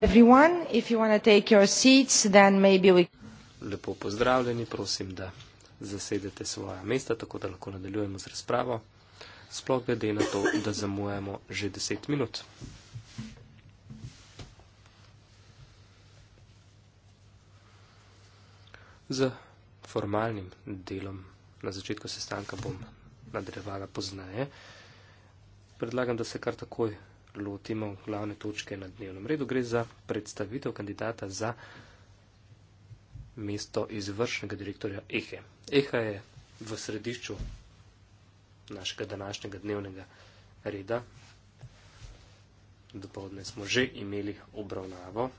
everyone, if you want to take your seats, then maybe we... Lepo pozdravljeni, prosim, da zasedete svoja mesta, tako da lahko nadaljujemo z razpravo. Sploh glede na to, da zamujamo že deset minut. Z formalnim delom na začetku sestanka bom nadrevala poznaje. Predlagam, da se kar takoj lotimo glavne točke na dnevnem redu. Gre za predstavitev kandidata za mesto izvršnega direktorja EHE. EHE je v središču našega današnjega dnevnega reda. Dopovdne smo že imeli obravnavo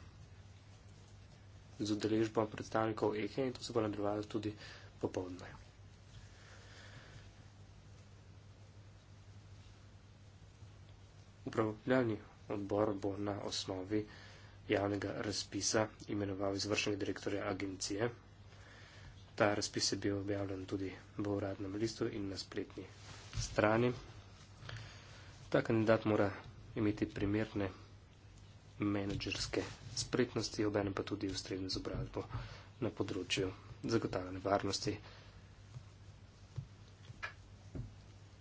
z udeležbo predstavnikov EHE in to se bo nadaljevalo tudi popovdne. upravljalni odbor bo na osnovi javnega razpisa imenoval izvršnega direktorja agencije. Ta razpis je bil objavljen tudi v uradnem listu in na spletni strani. Ta kandidat mora imeti primerne menedžerske spretnosti, obenem pa tudi ustrezno izobrazbo na področju zagotavljanja varnosti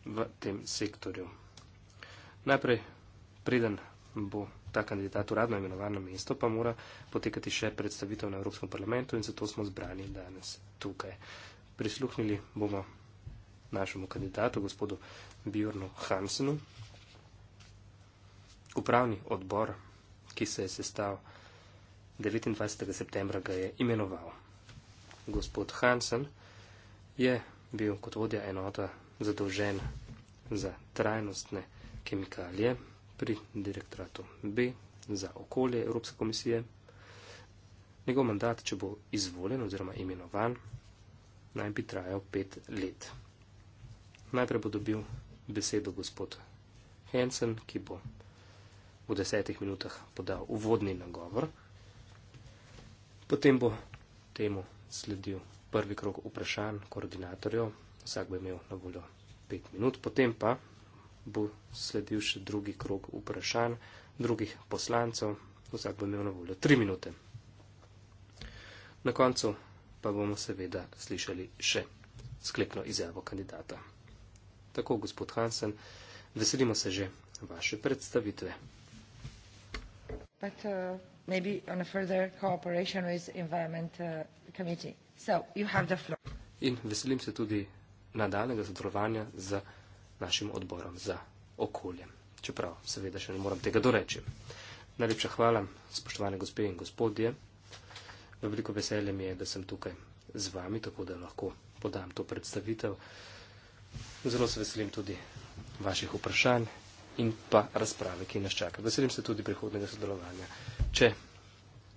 v tem sektorju. Najprej preden bo ta kandidat uradno imenovan na mesto, pa mora potekati še predstavitev na Evropskem parlamentu in zato smo zbrani danes tukaj. Prisluhnili bomo našemu kandidatu, gospodu Bjornu Hansenu. Upravni odbor, ki se je sestal 29. septembra, ga je imenoval. Gospod Hansen je bil kot vodja enota zadolžen za trajnostne kemikalije pri direktoratu B za okolje Evropske komisije. Njegov mandat, če bo izvoljen oziroma imenovan, naj bi trajal pet let. Najprej bo dobil besedo gospod Hansen, ki bo v desetih minutah podal uvodni nagovor. Potem bo temu sledil prvi krok vprašanj koordinatorjev, vsak bo imel na voljo pet minut, potem pa bo sledil še drugi krog vprašanj drugih poslancev. Vsak bo imel na voljo tri minute. Na koncu pa bomo seveda slišali še sklepno izjavo kandidata. Tako, gospod Hansen, veselimo se že vaše predstavitve. But, uh, with uh, so, In veselim se tudi nadaljnega sodelovanja z našim odborom za okolje. Čeprav, seveda, še ne moram tega doreči. Najlepša hvala, spoštovane gospe in gospodje. Veliko veselje mi je, da sem tukaj z vami, tako da lahko podam to predstavitev. Zelo se veselim tudi vaših vprašanj in pa razprave, ki nas čaka. Veselim se tudi prihodnega sodelovanja, če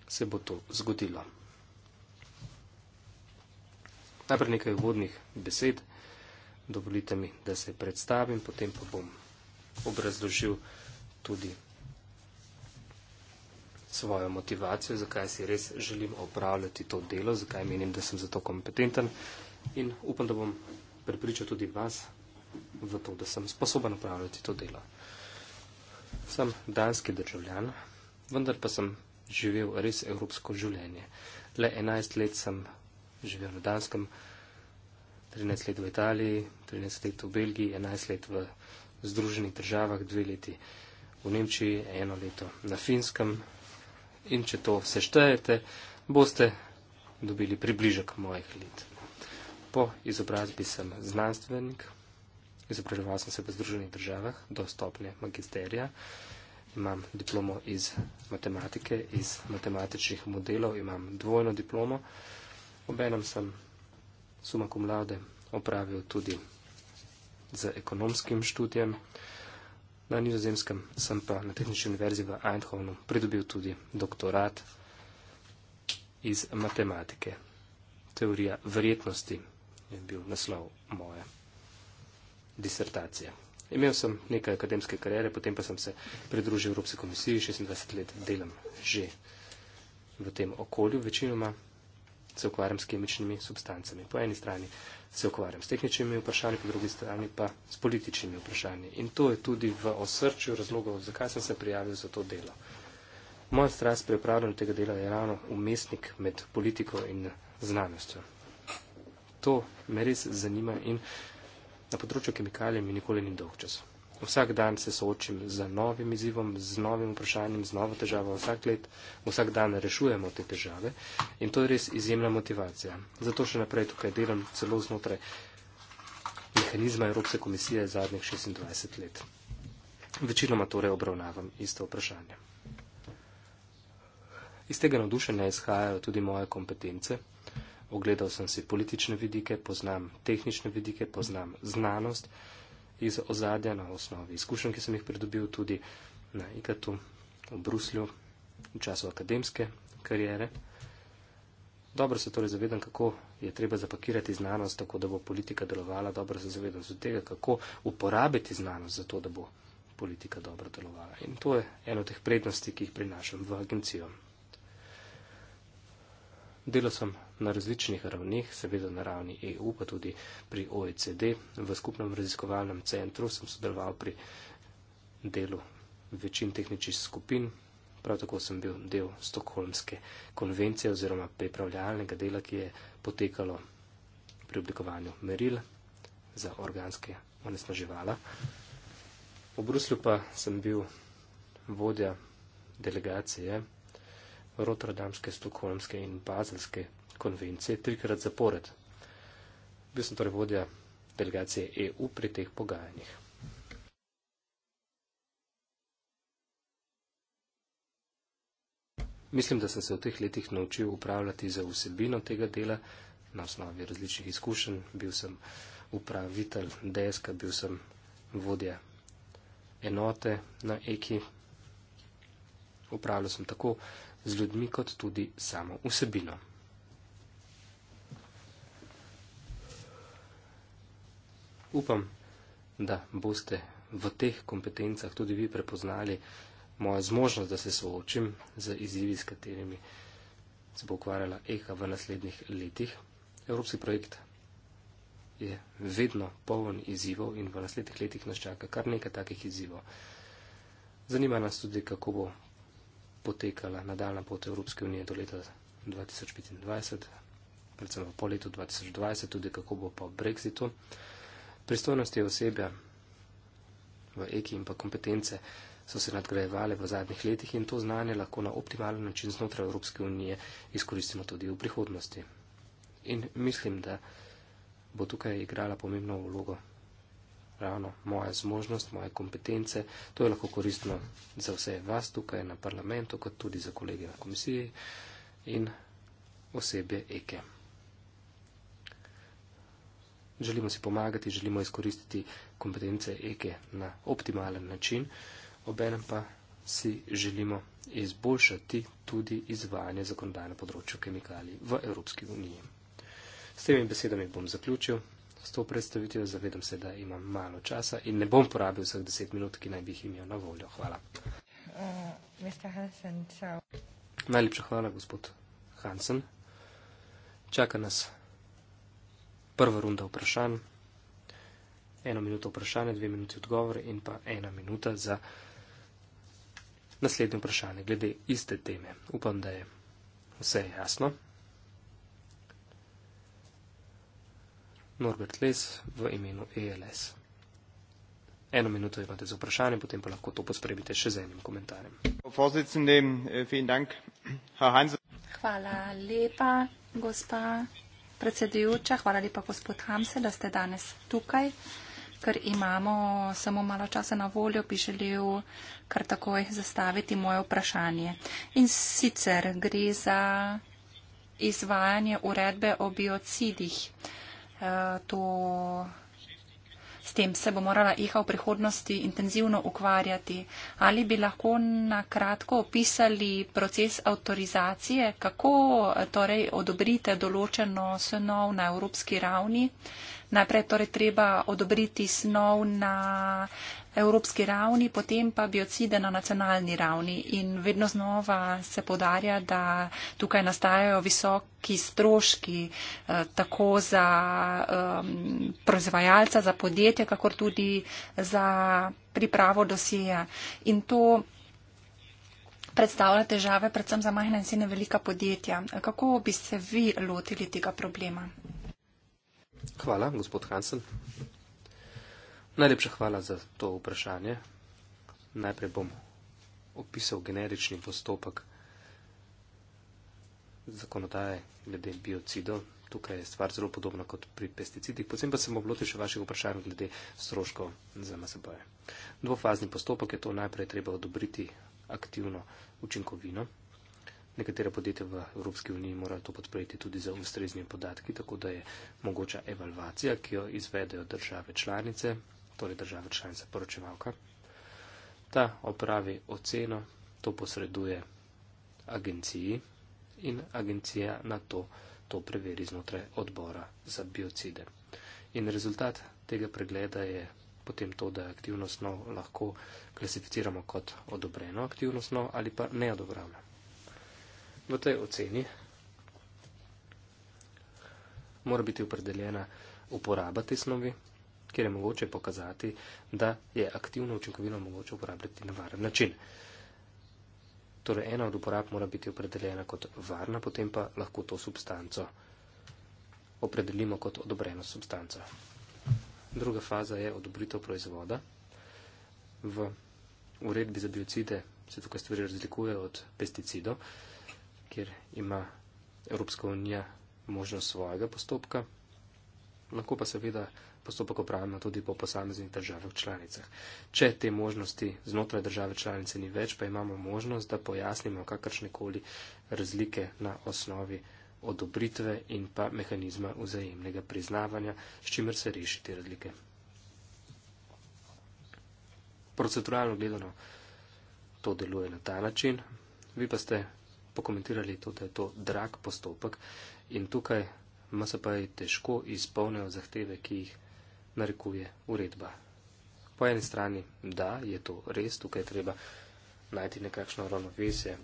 se bo to zgodilo. Najprej nekaj vodnih besed dovolite mi, da se predstavim, potem pa bom obrazložil tudi svojo motivacijo, zakaj si res želim opravljati to delo, zakaj menim, da sem zato kompetenten in upam, da bom pripričal tudi vas v to, da sem sposoben opravljati to delo. Sem danski državljan, vendar pa sem živel res evropsko življenje. Le 11 let sem živel na danskem življenju. 13 let v Italiji, 13 let v Belgiji, 11 let v Združenih državah, 2 leti v Nemčiji, 1 leto na Finskem. In če to seštejete, boste dobili približek mojih let. Po izobrazbi sem znanstvenik, izobraževal sem se v Združenih državah do stopnje magisterija. Imam diplomo iz matematike, iz matematičnih modelov, imam dvojno diplomo. Obenem sem suma cum laude, opravil tudi z ekonomskim študijem. Na nizozemskem sem pa na tehnični univerzi v Eindhovenu pridobil tudi doktorat iz matematike. Teorija verjetnosti je bil naslov moje disertacije. Imel sem nekaj akademske karijere, potem pa sem se pridružil Evropski komisiji, 26 let delam že v tem okolju večinoma se ukvarjam s kemičnimi substancami. Po eni strani se ukvarjam s tehničnimi vprašanji, po drugi strani pa s političnimi vprašanji. In to je tudi v osrčju razlogov, zakaj sem se prijavil za to delo. Moja strast pri upravljanju tega dela je ravno umestnik med politiko in znanostjo. To me res zanima in na področju kemikalije mi nikoli ni dolg časov vsak dan se soočim z novim izzivom, z novim vprašanjem, z novo težavo, vsak let, vsak dan rešujemo te težave in to je res izjemna motivacija. Zato še naprej tukaj delam celo znotraj mehanizma Evropske komisije zadnjih 26 let. Večinoma torej obravnavam isto vprašanje. Iz tega navdušenja izhajajo tudi moje kompetence. Ogledal sem si politične vidike, poznam tehnične vidike, poznam znanost iz ozadja na osnovi izkušenj, ki sem jih pridobil tudi na IKT-u v Bruslju v času akademske karijere. Dobro se torej zavedam, kako je treba zapakirati znanost, tako da bo politika delovala. Dobro se zavedam tudi tega, kako uporabiti znanost, zato da bo politika dobro delovala. In to je eno od teh prednosti, ki jih prinašam v agencijo. Delo sem na različnih ravneh, seveda na ravni EU, pa tudi pri OECD. V skupnem raziskovalnem centru sem sodeloval pri delu večin tehničnih skupin. Prav tako sem bil del Stokholmske konvencije oziroma pripravljalnega dela, ki je potekalo pri oblikovanju meril za organske onesnaževala. V Bruslju pa sem bil vodja delegacije Rotterdamske, Stokholmske in Bazelske konvencije trikrat zapored. Bil sem torej vodja delegacije EU pri teh pogajanjih. Mislim, da sem se v teh letih naučil upravljati za vsebino tega dela na osnovi različnih izkušenj. Bil sem upravitelj deska, bil sem vodja enote na EKI. Upravljal sem tako z ljudmi kot tudi samo vsebino. Upam, da boste v teh kompetencah tudi vi prepoznali mojo zmožnost, da se soočim z izzivi, s katerimi se bo ukvarjala EHA v naslednjih letih. Evropski projekt je vedno poln izzivov in v naslednjih letih nas čaka kar nekaj takih izzivov. Zanima nas tudi, kako bo potekala nadaljna pot Evropske unije do leta 2025, predvsem po letu 2020, tudi kako bo po Brexitu. Pristojnosti osebja v eki in pa kompetence so se nadgrajevale v zadnjih letih in to znanje lahko na optimalen način znotraj Evropske unije izkoristimo tudi v prihodnosti. In mislim, da bo tukaj igrala pomembno vlogo ravno moja zmožnost, moje kompetence. To je lahko koristno za vse vas tukaj na parlamentu, kot tudi za kolege na komisiji in osebje EKE. Želimo si pomagati, želimo izkoristiti kompetence EKE na optimalen način, obenem pa si želimo izboljšati tudi izvajanje zakonodajne področju kemikalij v Evropski uniji. S temi besedami bom zaključil. S to predstavitvijo zavedam se, da imam malo časa in ne bom porabil vseh deset minut, ki naj bi jih imel na voljo. Hvala. Uh, Hansen, so... Najlepša hvala, gospod Hansen. Čaka nas prva runda vprašanj, ena minuta vprašanja, dve minuti odgovore in pa ena minuta za naslednje vprašanje glede iste teme. Upam, da je vse jasno. Norbert Les v imenu ELS. Eno minuto imate za vprašanje, potem pa lahko to pospremite še z enim komentarjem. Hvala lepa, gospa predsedujoča, hvala lepa gospod Hamse, da ste danes tukaj, ker imamo samo malo časa na voljo, bi želel kar takoj zastaviti moje vprašanje. In sicer gre za izvajanje uredbe o biocidih. E, to S tem se bo morala IHA v prihodnosti intenzivno ukvarjati. Ali bi lahko na kratko opisali proces avtorizacije, kako torej odobrite določeno snov na evropski ravni, Najprej torej treba odobriti snov na evropski ravni, potem pa biocide na nacionalni ravni. In vedno znova se podarja, da tukaj nastajajo visoki stroški eh, tako za um, proizvajalca, za podjetje, kakor tudi za pripravo dosije. In to predstavlja težave predvsem za majhna in sine velika podjetja. Kako bi se vi lotili tega problema? Hvala, gospod Hansen. Najlepša hvala za to vprašanje. Najprej bom opisal generični postopek zakonodaje glede biocidov. Tukaj je stvar zelo podobna kot pri pesticidih. Potem pa se bom lotil še vašega vprašanja glede stroškov za MSB-je. Dvofazni postopek je to najprej treba odobriti aktivno učinkovino, Nekatere podjetja v Evropski uniji morajo to podpreti tudi za ustrezni podatki, tako da je mogoča evalvacija, ki jo izvedejo države članice, torej države članice poročevalka. Ta opravi oceno, to posreduje agenciji in agencija na to to preveri znotraj odbora za biocide. In rezultat tega pregleda je potem to, da je aktivnostno lahko klasificiramo kot odobreno aktivnostno ali pa neodobravljeno v tej oceni mora biti opredeljena uporaba te snovi, kjer je mogoče pokazati, da je aktivno učinkovino mogoče uporabljati na varen način. Torej, ena od uporab mora biti opredeljena kot varna, potem pa lahko to substanco opredelimo kot odobreno substanco. Druga faza je odobritev proizvoda. V uredbi za biocide se tukaj stvari razlikuje od pesticidov kjer ima Evropska unija možnost svojega postopka. Lahko pa seveda postopek opravimo tudi po posameznih državah članicah. Če te možnosti znotraj države članice ni več, pa imamo možnost, da pojasnimo kakršnekoli razlike na osnovi odobritve in pa mehanizma vzajemnega priznavanja, s čimer se reši te razlike. Proceduralno gledano to deluje na ta način. Vi pa ste pokomentirali to, da je to drag postopek in tukaj MSP težko izpolnijo zahteve, ki jih narekuje uredba. Po eni strani, da je to res, tukaj treba najti nekakšno ravnovesje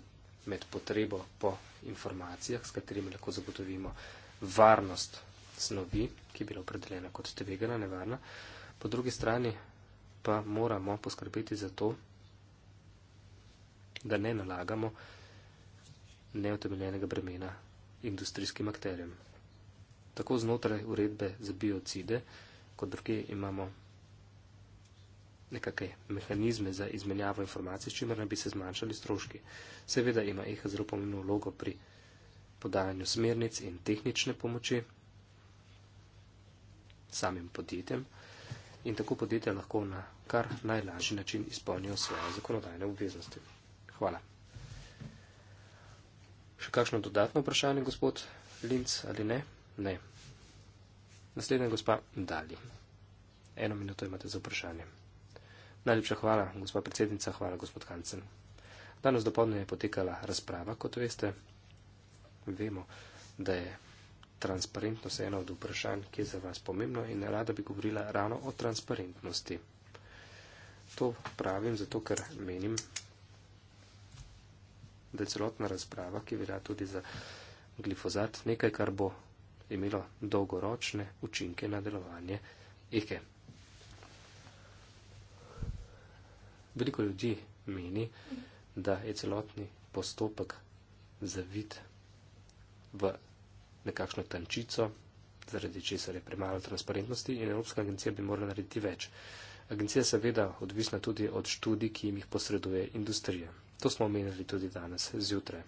med potrebo po informacijah, s katerimi lahko zagotovimo varnost snovi, ki je bila opredeljena kot tvegana, nevarna. Po drugi strani pa moramo poskrbeti za to, da ne nalagamo neotemeljenega bremena industrijskim akterjem. Tako znotraj uredbe za biocide, kot druge imamo nekakve mehanizme za izmenjavo informacij, s čimer naj bi se zmanjšali stroški. Seveda ima EHA zelo pomembno vlogo pri podajanju smernic in tehnične pomoči samim podjetjem in tako podjetja lahko na kar najlažji način izpolnijo svoje zakonodajne obveznosti. Hvala še kakšno dodatno vprašanje, gospod Linc, ali ne? Ne. Naslednja gospa Dali. Eno minuto imate za vprašanje. Najlepša hvala, gospa predsednica, hvala, gospod Hansen. Danes dopolne je potekala razprava, kot veste. Vemo, da je transparentnost ena od vprašanj, ki je za vas pomembno in rada bi govorila ravno o transparentnosti. To pravim zato, ker menim, da je celotna razprava, ki velja tudi za glifozat, nekaj, kar bo imelo dolgoročne učinke na delovanje Ike. Veliko ljudi meni, da je celotni postopek zavit v nekakšno tančico, zaradi česar je premalo transparentnosti in Evropska agencija bi morala narediti več. Agencija seveda odvisna tudi od študij, ki jim jih posreduje industrija. To smo omenili tudi danes zjutraj.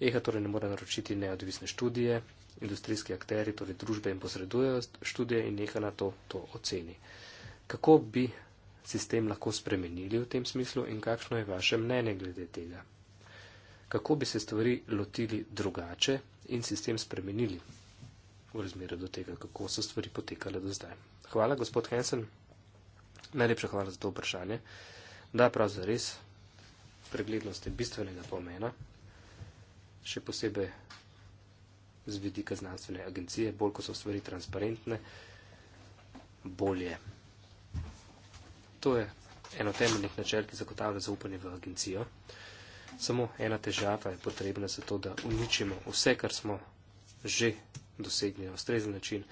EHA torej ne more naročiti neodvisne študije, industrijski akteri, torej družbe jim posredujejo študije in EHA na to to oceni. Kako bi sistem lahko spremenili v tem smislu in kakšno je vaše mnenje glede tega? Kako bi se stvari lotili drugače in sistem spremenili v razmeru do tega, kako so stvari potekale do zdaj? Hvala, gospod Hensen. Najlepša hvala za to vprašanje. Da, pravzaprav res, preglednosti bistvenega pomena, še posebej z vidika znanstvene agencije, bolj ko so stvari transparentne, bolje. To je eno temeljnih načel, ki zagotavlja zaupanje v agencijo. Samo ena težava je potrebna za to, da uničimo vse, kar smo že dosegli na ustrezen način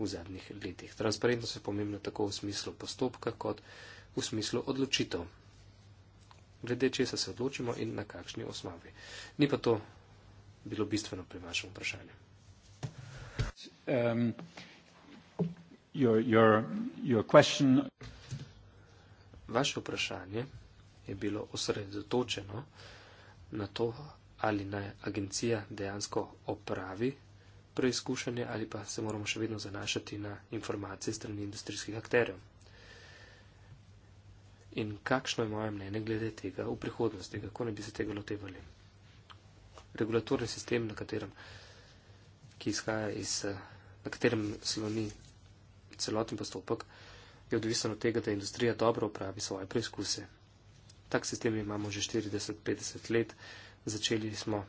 v zadnjih letih. Transparentnost je pomembna tako v smislu postopka, kot v smislu odločitev glede česa se odločimo in na kakšni osnovi. Ni pa to bilo bistveno pri vašem vprašanju. Um, your, your, your question... Vaše vprašanje je bilo osredotočeno na to, ali naj agencija dejansko opravi preizkušanje ali pa se moramo še vedno zanašati na informacije strani industrijskih akterjev in kakšno je moje mnenje glede tega v prihodnosti, kako ne bi se tega lotevali. Regulatorni sistem, na katerem, ki izhaja iz, eh, na katerem sloni celoten postopek, je odvisen od tega, da industrija dobro upravi svoje preizkuse. Tak sistem imamo že 40-50 let, začeli smo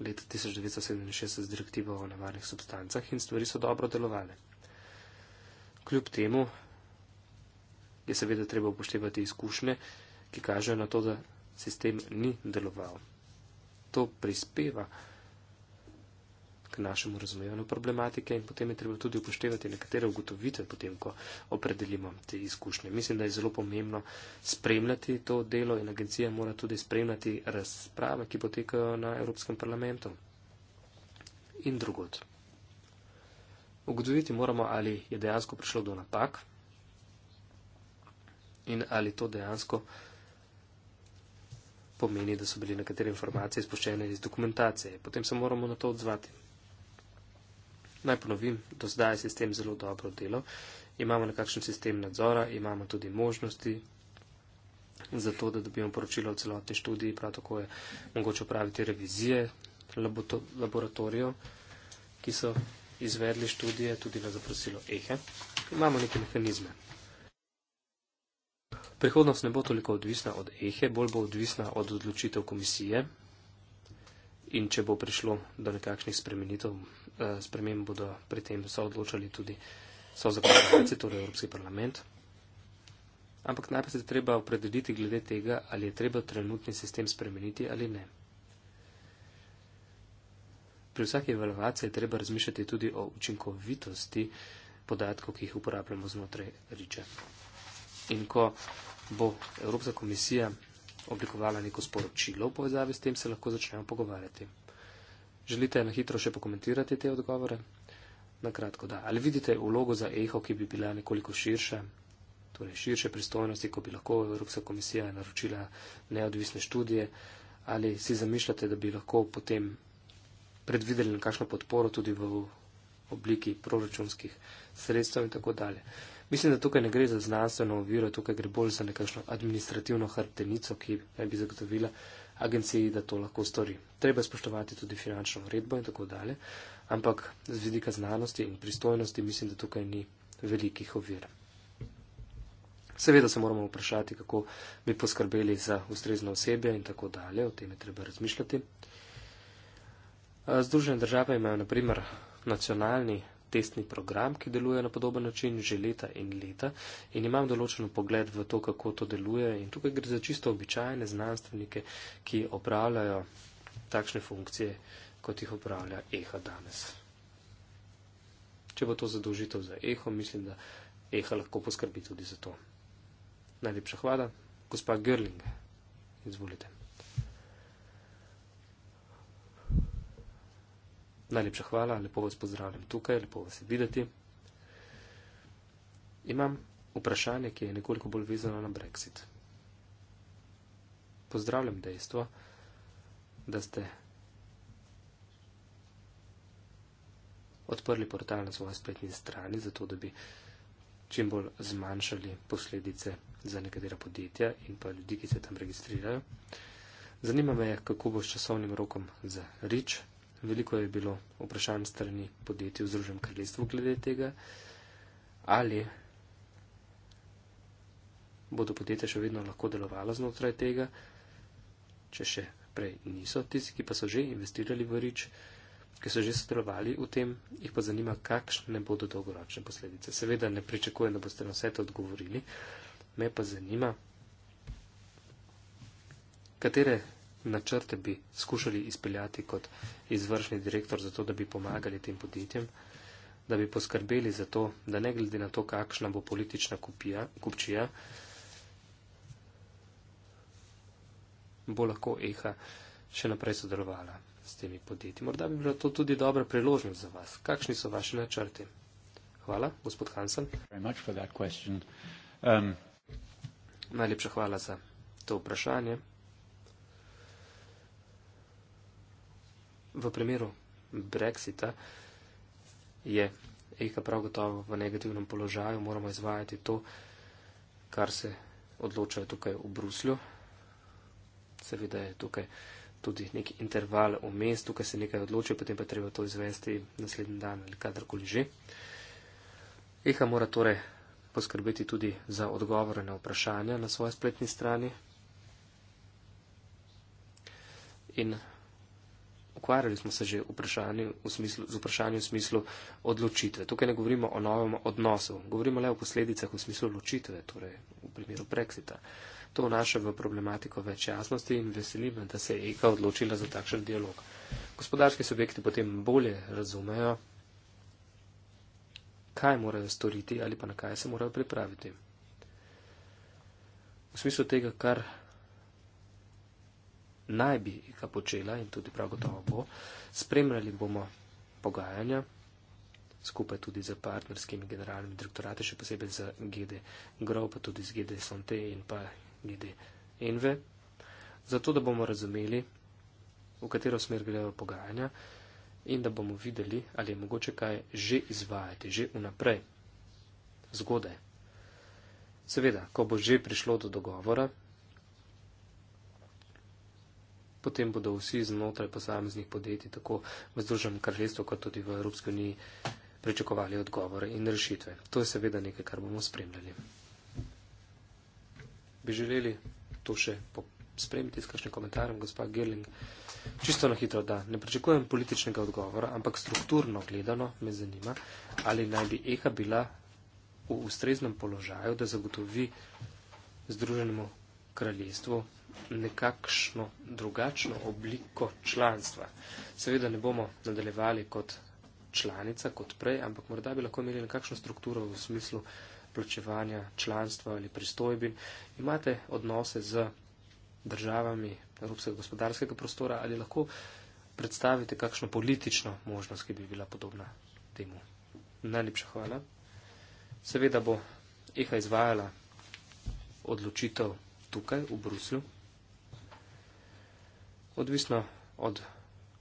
leta 1967 z direktivo o nevarnih substancah in stvari so dobro delovale. Kljub temu je seveda treba upoštevati izkušnje, ki kažejo na to, da sistem ni deloval. To prispeva k našemu razumevanju problematike in potem je treba tudi upoštevati nekatere ugotovitve, potem ko opredelimo te izkušnje. Mislim, da je zelo pomembno spremljati to delo in agencija mora tudi spremljati razprave, ki potekajo na Evropskem parlamentu in drugot. Ugotoviti moramo, ali je dejansko prišlo do napak in ali to dejansko pomeni, da so bile nekatere informacije izpuščene iz dokumentacije. Potem se moramo na to odzvati. Naj ponovim, do zdaj je sistem zelo dobro delo, imamo nekakšen sistem nadzora, imamo tudi možnosti za to, da dobimo poročilo o celotni študiji, prav tako je mogoče upraviti revizije laboratorijev, ki so izvedli študije tudi na zaprosilo EHE. Imamo neke mehanizme. Prihodnost ne bo toliko odvisna od Ehe, bolj bo odvisna od odločitev komisije in če bo prišlo do nekakšnih spremenitev, eh, spremem bodo pri tem so odločali tudi so zakonodajalci, torej Evropski parlament. Ampak najprej se treba opredeliti glede tega, ali je treba trenutni sistem spremeniti ali ne. Pri vsaki evalvaciji je treba razmišljati tudi o učinkovitosti podatkov, ki jih uporabljamo znotraj riče in ko bo Evropska komisija oblikovala neko sporočilo v povezavi s tem, se lahko začnemo pogovarjati. Želite na hitro še pokomentirati te odgovore? Na kratko da. Ali vidite vlogo za EHO, ki bi bila nekoliko širša, torej širše pristojnosti, ko bi lahko Evropska komisija naročila neodvisne študije? Ali si zamišljate, da bi lahko potem predvideli nekakšno podporo tudi v obliki proračunskih sredstev in tako dalje? Mislim, da tukaj ne gre za znanstveno oviro, tukaj gre bolj za nekakšno administrativno hrbtenico, ki naj bi zagotovila agenciji, da to lahko stori. Treba spoštovati tudi finančno vredbo in tako dalje, ampak z vidika znanosti in pristojnosti mislim, da tukaj ni velikih ovir. Seveda se moramo vprašati, kako bi poskrbeli za ustrezno osebje in tako dalje, o tem je treba razmišljati. Združene države imajo naprimer nacionalni testni program, ki deluje na podoben način že leta in leta in imam določen pogled v to, kako to deluje. In tukaj gre za čisto običajne znanstvenike, ki opravljajo takšne funkcije, kot jih opravlja EHA danes. Če bo to zadolžitev za EHO, mislim, da EHA lahko poskrbi tudi za to. Najlepša hvala, gospa Görling. Izvolite. Najlepša hvala, lepo vas pozdravljam tukaj, lepo vas je videti. Imam vprašanje, ki je nekoliko bolj vezano na Brexit. Pozdravljam dejstvo, da ste odprli portal na svoji spletni strani, zato da bi čim bolj zmanjšali posledice za nekatera podjetja in pa ljudi, ki se tam registrirajo. Zanima me, kako bo s časovnim rokom za REACH, Veliko je bilo vprašanj strani podjetij v Združenem kraljestvu glede tega, ali bodo podjetja še vedno lahko delovala znotraj tega, če še prej niso. Tisti, ki pa so že investirali v rič, ki so že sodelovali v tem, jih pa zanima, kakšne bodo dolgoročne posledice. Seveda ne pričakujem, da boste na vse to odgovorili, me pa zanima, katere načrte bi skušali izpeljati kot izvršni direktor, zato da bi pomagali tem podjetjem, da bi poskrbeli za to, da ne glede na to, kakšna bo politična kupija, kupčija, bo lahko EHA še naprej sodelovala s temi podjetji. Morda bi bilo to tudi dobra priložnost za vas. Kakšni so vaše načrti? Hvala, gospod Hansen. Um... Najlepša hvala za to vprašanje. v primeru Brexita je EKA prav gotovo v negativnem položaju, moramo izvajati to, kar se odločajo tukaj v Bruslju. Seveda je tukaj tudi nek interval v mest, tukaj se nekaj odloči, potem pa treba to izvesti naslednji dan ali kadarkoli že. EHA mora torej poskrbeti tudi za odgovore na vprašanja na svoji spletni strani in ukvarjali smo se že z vprašanjem v smislu odločitve. Tukaj ne govorimo o novem odnosu, govorimo le o posledicah v smislu odločitve, torej v primeru Brexita. To vnaša v problematiko več jasnosti in veselim, da se je EKA odločila za takšen dialog. Gospodarski subjekti potem bolje razumejo, kaj morajo storiti ali pa na kaj se morajo pripraviti. V smislu tega, kar naj bi ga počela in tudi prav gotovo bo. Spremljali bomo pogajanja skupaj tudi z partnerskimi generalnimi direktorati, še posebej z GD Grov, pa tudi z GD Sonte in pa GD Enve. Zato, da bomo razumeli, v katero smer gledajo pogajanja in da bomo videli, ali je mogoče kaj že izvajati, že vnaprej, zgodaj. Seveda, ko bo že prišlo do dogovora, potem bodo vsi znotraj posameznih podjetij, tako v Združenem kraljestvu, kot tudi v Evropski uniji, pričakovali odgovore in rešitve. To je seveda nekaj, kar bomo spremljali. Bi želeli to še spremljati s kakšnim komentarjem, gospa Gerling? Čisto na hitro, da ne pričakujem političnega odgovora, ampak strukturno gledano me zanima, ali naj bi EHA bila v ustreznem položaju, da zagotovi Združenemu kraljestvu nekakšno drugačno obliko članstva. Seveda ne bomo nadaljevali kot članica, kot prej, ampak morda bi lahko imeli nekakšno strukturo v smislu plačevanja članstva ali pristojbin. Imate odnose z državami Evropskega gospodarskega prostora ali lahko predstavite kakšno politično možnost, ki bi bila podobna temu. Najlepša hvala. Seveda bo EHA izvajala odločitev tukaj v Bruslju odvisno od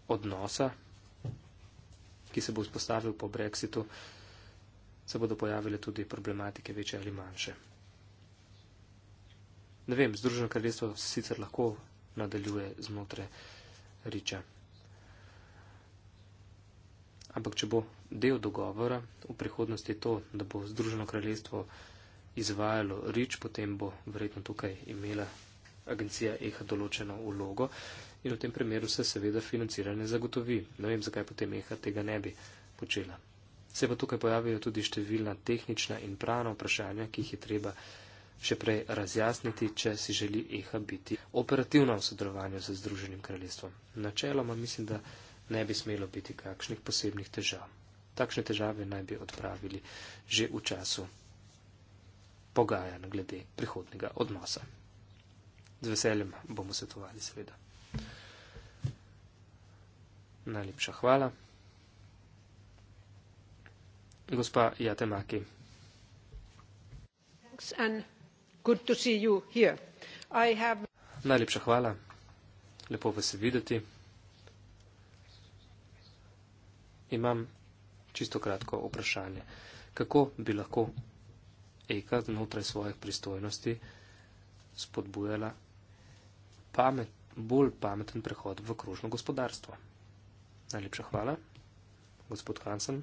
odnosa, ki se bo vzpostavil po brexitu, se bodo pojavile tudi problematike večje ali manjše. Ne vem, Združeno kraljestvo sicer lahko nadaljuje znotraj riča. Ampak, če bo del dogovora v prihodnosti to, da bo Združeno kraljestvo izvajalo rič, potem bo verjetno tukaj imela agencija EHA določeno ulogo in v tem primeru se seveda financiranje zagotovi. Ne vem, zakaj potem EHA tega ne bi počela. Se pa tukaj pojavijo tudi številna tehnična in pravna vprašanja, ki jih je treba še prej razjasniti, če si želi EHA biti operativna v sodelovanju z Združenim kraljestvom. Načeloma mislim, da ne bi smelo biti kakšnih posebnih težav. Takšne težave naj bi odpravili že v času pogajanj glede prihodnega odnosa. Z veseljem bomo svetovali, seveda. Najlepša hvala. Gospa Jatemaki. Have... Najlepša hvala. Lepo vas je videti. Imam čisto kratko vprašanje. Kako bi lahko EKA znotraj svojih pristojnosti spodbujala pamet, bolj pameten prehod v kružno gospodarstvo? Najlepša hvala, gospod Hansen.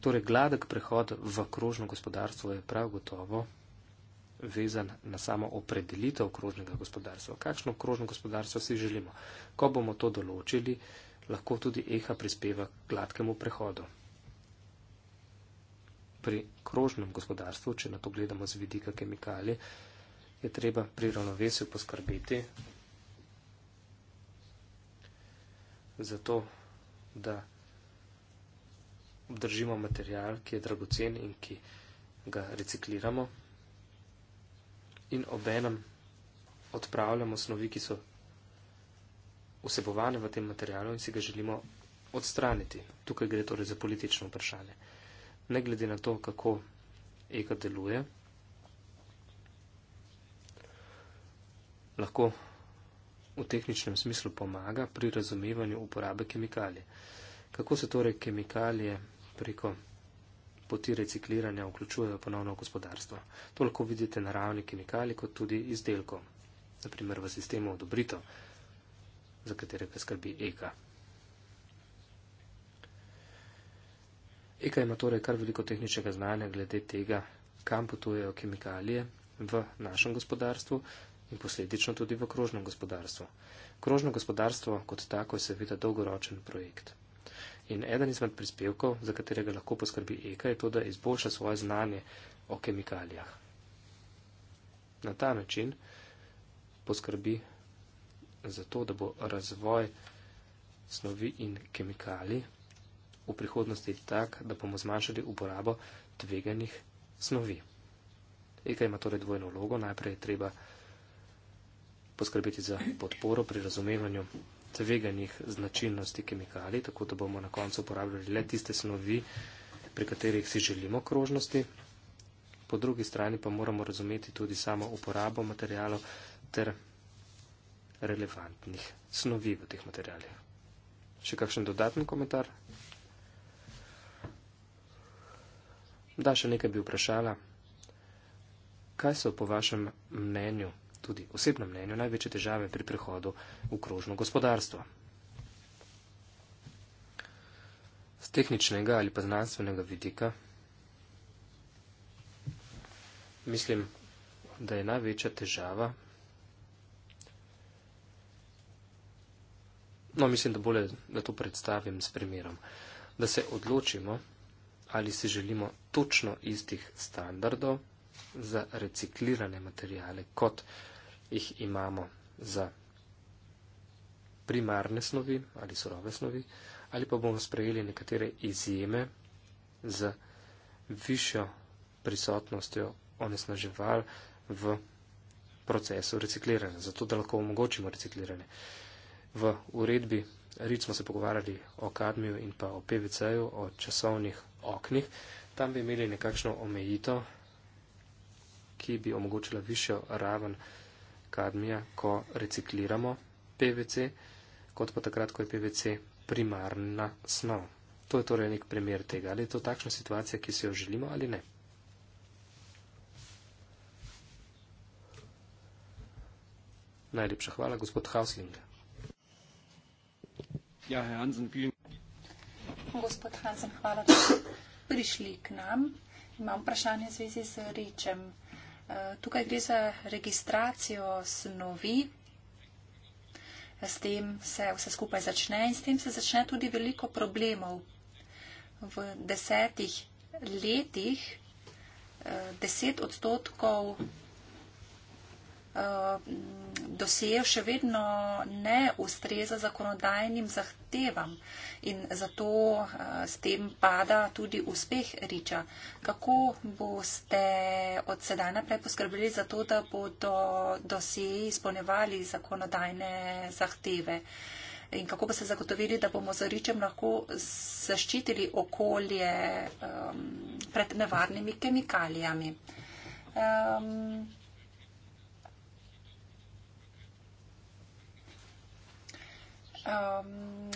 Torej, gladek prehod v krožno gospodarstvo je prav gotovo vezan na samo opredelitev krožnega gospodarstva. Kakšno krožno gospodarstvo si želimo? Ko bomo to določili, lahko tudi EHA prispeva k gladkemu prehodu. Pri krožnem gospodarstvu, če na to gledamo z vidika kemikalije, je treba pri ravnovesju poskrbeti, zato, da obdržimo material, ki je dragocen in ki ga recikliramo in obenem odpravljamo snovi, ki so vsebovane v tem materialu in si ga želimo odstraniti. Tukaj gre torej za politično vprašanje. Ne glede na to, kako ega deluje, lahko v tehničnem smislu pomaga pri razumevanju uporabe kemikalije. Kako se torej kemikalije preko poti recikliranja vključujejo ponovno v gospodarstvo? Toliko vidite naravni kemikalij kot tudi izdelkov, naprimer v sistemu odobritev, za katerega skrbi EKA. EKA ima torej kar veliko tehničnega znanja glede tega, kam potujejo kemikalije v našem gospodarstvu in posledično tudi v krožnem gospodarstvu. Krožno gospodarstvo kot tako je seveda dolgoročen projekt. In eden izmed prispevkov, za katerega lahko poskrbi EKA, je to, da izboljša svoje znanje o kemikalijah. Na ta način poskrbi za to, da bo razvoj snovi in kemikalij v prihodnosti tak, da bomo zmanjšali uporabo tveganih snovi. EKA ima torej dvojno vlogo, najprej je treba poskrbeti za podporo pri razumevanju tveganih značilnosti kemikalij, tako da bomo na koncu uporabljali le tiste snovi, pri katerih si želimo krožnosti. Po drugi strani pa moramo razumeti tudi samo uporabo materijalov ter relevantnih snovi v teh materijalih. Še kakšen dodatni komentar? Da, še nekaj bi vprašala. Kaj so po vašem mnenju tudi osebnem mnenju največje težave pri prehodu v krožno gospodarstvo. Z tehničnega ali pa znanstvenega vidika mislim, da je največja težava. No, mislim, da bolje, da to predstavim s primerom. Da se odločimo, ali si želimo točno istih standardov za reciklirane materijale kot uh, jih imamo za primarne snovi ali surove snovi, ali pa bomo sprejeli nekatere izjeme z višjo prisotnostjo onesnaževal v procesu recikliranja, zato da lahko omogočimo recikliranje. V uredbi RIT smo se pogovarjali o kadmiju in pa o PVC-ju, o časovnih oknih. Tam bi imeli nekakšno omejito, ki bi omogočila višjo raven recikliranja kadmija, ko recikliramo PVC, kot pa takrat, ko je PVC primarna snov. To je torej nek primer tega, ali je to takšna situacija, ki si jo želimo ali ne. Najlepša hvala, gospod Hausling. Ja, Hansen, vi. Gospod Hansen, hvala, da ste prišli k nam. Imam vprašanje v zvezi z rečem. Tukaj gre za registracijo snovi, s tem se vse skupaj začne in s tem se začne tudi veliko problemov. V desetih letih eh, deset odstotkov Eh, dosejev še vedno ne ustreza zakonodajnim zahtevam in zato eh, s tem pada tudi uspeh Riča. Kako boste od sedaj naprej poskrbeli za to, da bodo dosejeji izpolnevali zakonodajne zahteve? In kako pa se zagotovili, da bomo z ričem lahko zaščitili okolje um, pred nevarnimi kemikalijami? Um, Um,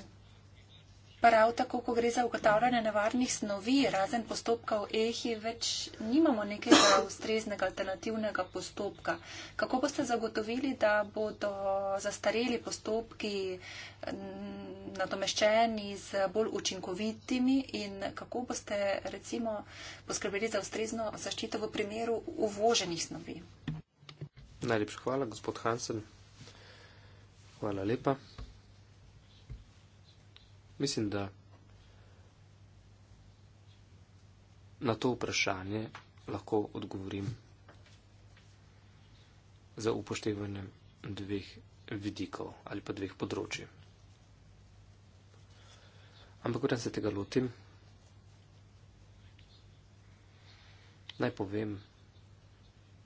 prav tako, ko gre za ugotavljanje nevarnih snovi, razen postopkov EHI, več nimamo nekega ustreznega alternativnega postopka. Kako boste zagotovili, da bodo zastareli postopki nadomeščeni z bolj učinkovitimi in kako boste recimo poskrbeli za ustrezno zaščito v primeru uvoženih snovi? Najlepša hvala, gospod Hansen. Hvala lepa. Mislim, da na to vprašanje lahko odgovorim za upoštevanjem dveh vidikov ali pa dveh področji. Ampak, da se tega lotim, naj povem,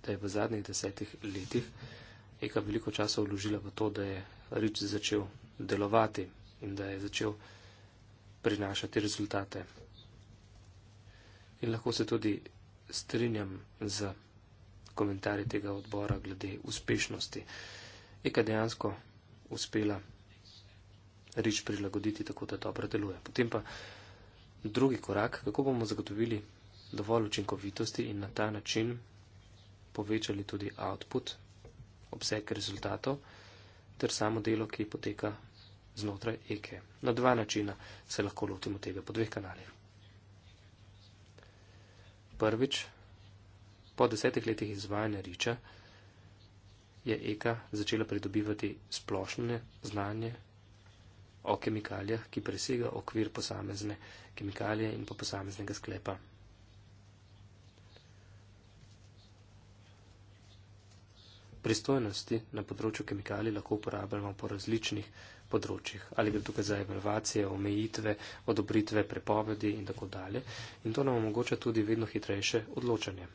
da je v zadnjih desetih letih Eka veliko časa vložila v to, da je Rič začel delovati in da je začel delovati prinašati rezultate. In lahko se tudi strinjam z komentarji tega odbora glede uspešnosti. Eka dejansko uspela rič prilagoditi tako, da dobro deluje. Potem pa drugi korak, kako bomo zagotovili dovolj učinkovitosti in na ta način povečali tudi output, obseg rezultatov ter samo delo, ki poteka znotraj eke. Na dva načina se lahko lotimo tega po dveh kanalih. Prvič, po desetih letih izvajanja riča je eka začela pridobivati splošne znanje o kemikalijah, ki presega okvir posamezne kemikalije in pa posameznega sklepa. pristojnosti na področju kemikalij lahko uporabljamo po različnih področjih. Ali gre tukaj za evalvacije, omejitve, odobritve, prepovedi in tako dalje. In to nam omogoča tudi vedno hitrejše odločanje.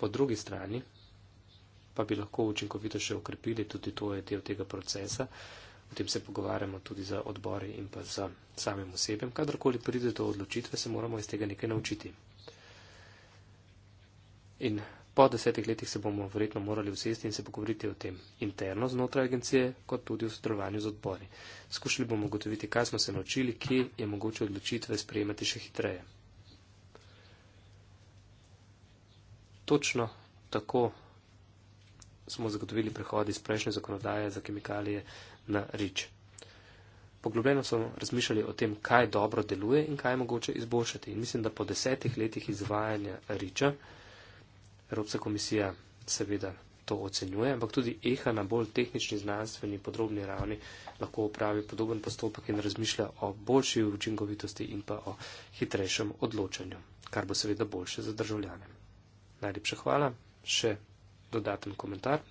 Po drugi strani pa bi lahko učinkovito še okrepili tudi to je del tega procesa. O tem se pogovarjamo tudi za odbore in pa za samim osebem. Kadarkoli pride do odločitve, se moramo iz tega nekaj naučiti. In Po desetih letih se bomo verjetno morali usesti in se pogovoriti o tem, interno znotraj agencije, kot tudi v sodelovanju z odbori. Skušali bomo ugotoviti, kaj smo se naučili, kje je mogoče odločitve sprejemati še hitreje. Točno tako smo zagotovili prehod iz prejšnje zakonodaje za kemikalije na REACH. Poglobljeno smo razmišljali o tem, kaj dobro deluje in kaj je mogoče izboljšati. In mislim, da po desetih letih izvajanja REACH-a Evropska komisija seveda to ocenjuje, ampak tudi EHA na bolj tehnični, znanstveni, podrobni ravni lahko upravi podoben postopek in razmišlja o boljši učinkovitosti in pa o hitrejšem odločanju, kar bo seveda boljše za državljane. Najlepša hvala. Še dodaten komentar.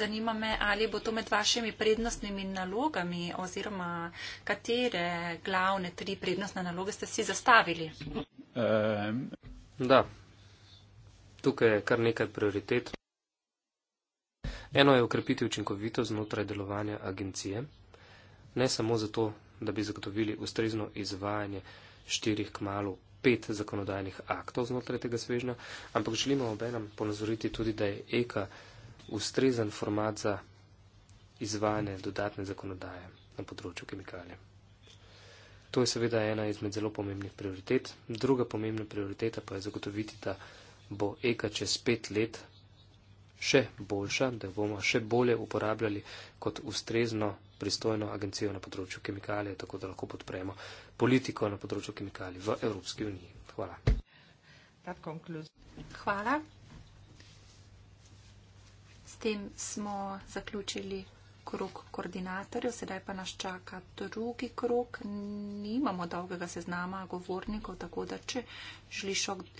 Zanima me, ali bo to med vašimi prednostnimi nalogami oziroma katere glavne tri prednostne naloge ste si zastavili. Ehm. Da, tukaj je kar nekaj prioritet. Eno je ukrepiti učinkovito znotraj delovanja agencije, ne samo zato, da bi zagotovili ustrezno izvajanje štirih kmalo pet zakonodajnih aktov znotraj tega svežnja, ampak želimo obenem ponazoriti tudi, da je EKA ustrezen format za izvajanje dodatne zakonodaje na področju kemikalije. To je seveda ena izmed zelo pomembnih prioritet. Druga pomembna prioriteta pa je zagotoviti, da bo EKA čez pet let še boljša, da bomo še bolje uporabljali kot ustrezno pristojno agencijo na področju kemikalije, tako da lahko podpremo politiko na področju kemikalije v Evropski uniji. Hvala. Hvala. S tem smo zaključili krok koordinatorjev, sedaj pa nas čaka drugi krok. Nimamo dolgega seznama govornikov, tako da če želi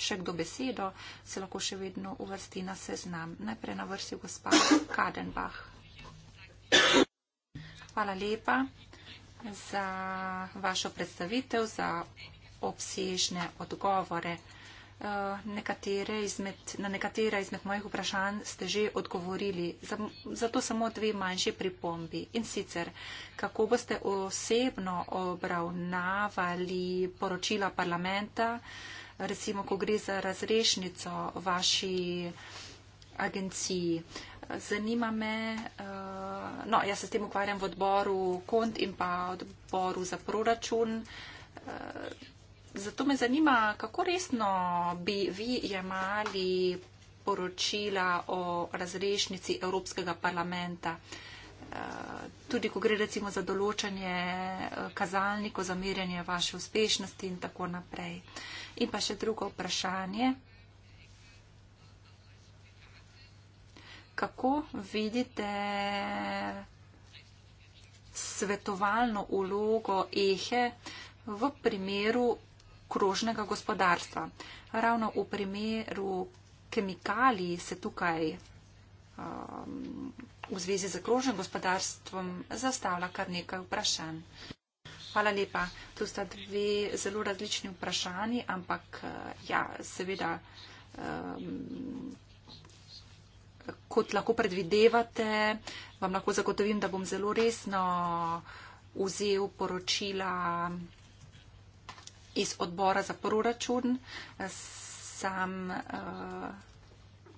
še kdo besedo, se lahko še vedno uvrsti na seznam. Najprej na vrsti gospa Kadenbach. Hvala lepa za vašo predstavitev, za obsežne odgovore. Eh, nekatere izmed, na nekatera izmed mojih vprašanj ste že odgovorili. Zato samo dve manjše pripombi. In sicer, kako boste osebno obravnavali poročila parlamenta, recimo, ko gre za razrešnico vaši agenciji. Zanima me, eh, no, jaz se s tem ukvarjam v odboru KONT in pa odboru za proračun. Eh, Zato me zanima, kako resno bi vi jemali poročila o razrešnici Evropskega parlamenta, eh, tudi ko gre recimo za določanje eh, kazalnikov, za merjanje vaše uspešnosti in tako naprej. In pa še drugo vprašanje. Kako vidite svetovalno ulogo EHE v primeru krožnega gospodarstva. Ravno v primeru kemikalij se tukaj um, v zvezi z krožnim gospodarstvom zastavlja kar nekaj vprašanj. Hvala lepa. Tu sta dve zelo različni vprašanji, ampak eh, ja, seveda, um, kot lahko predvidevate, vam lahko zagotovim, da bom zelo resno vzel poročila iz odbora za proračun. Sam uh,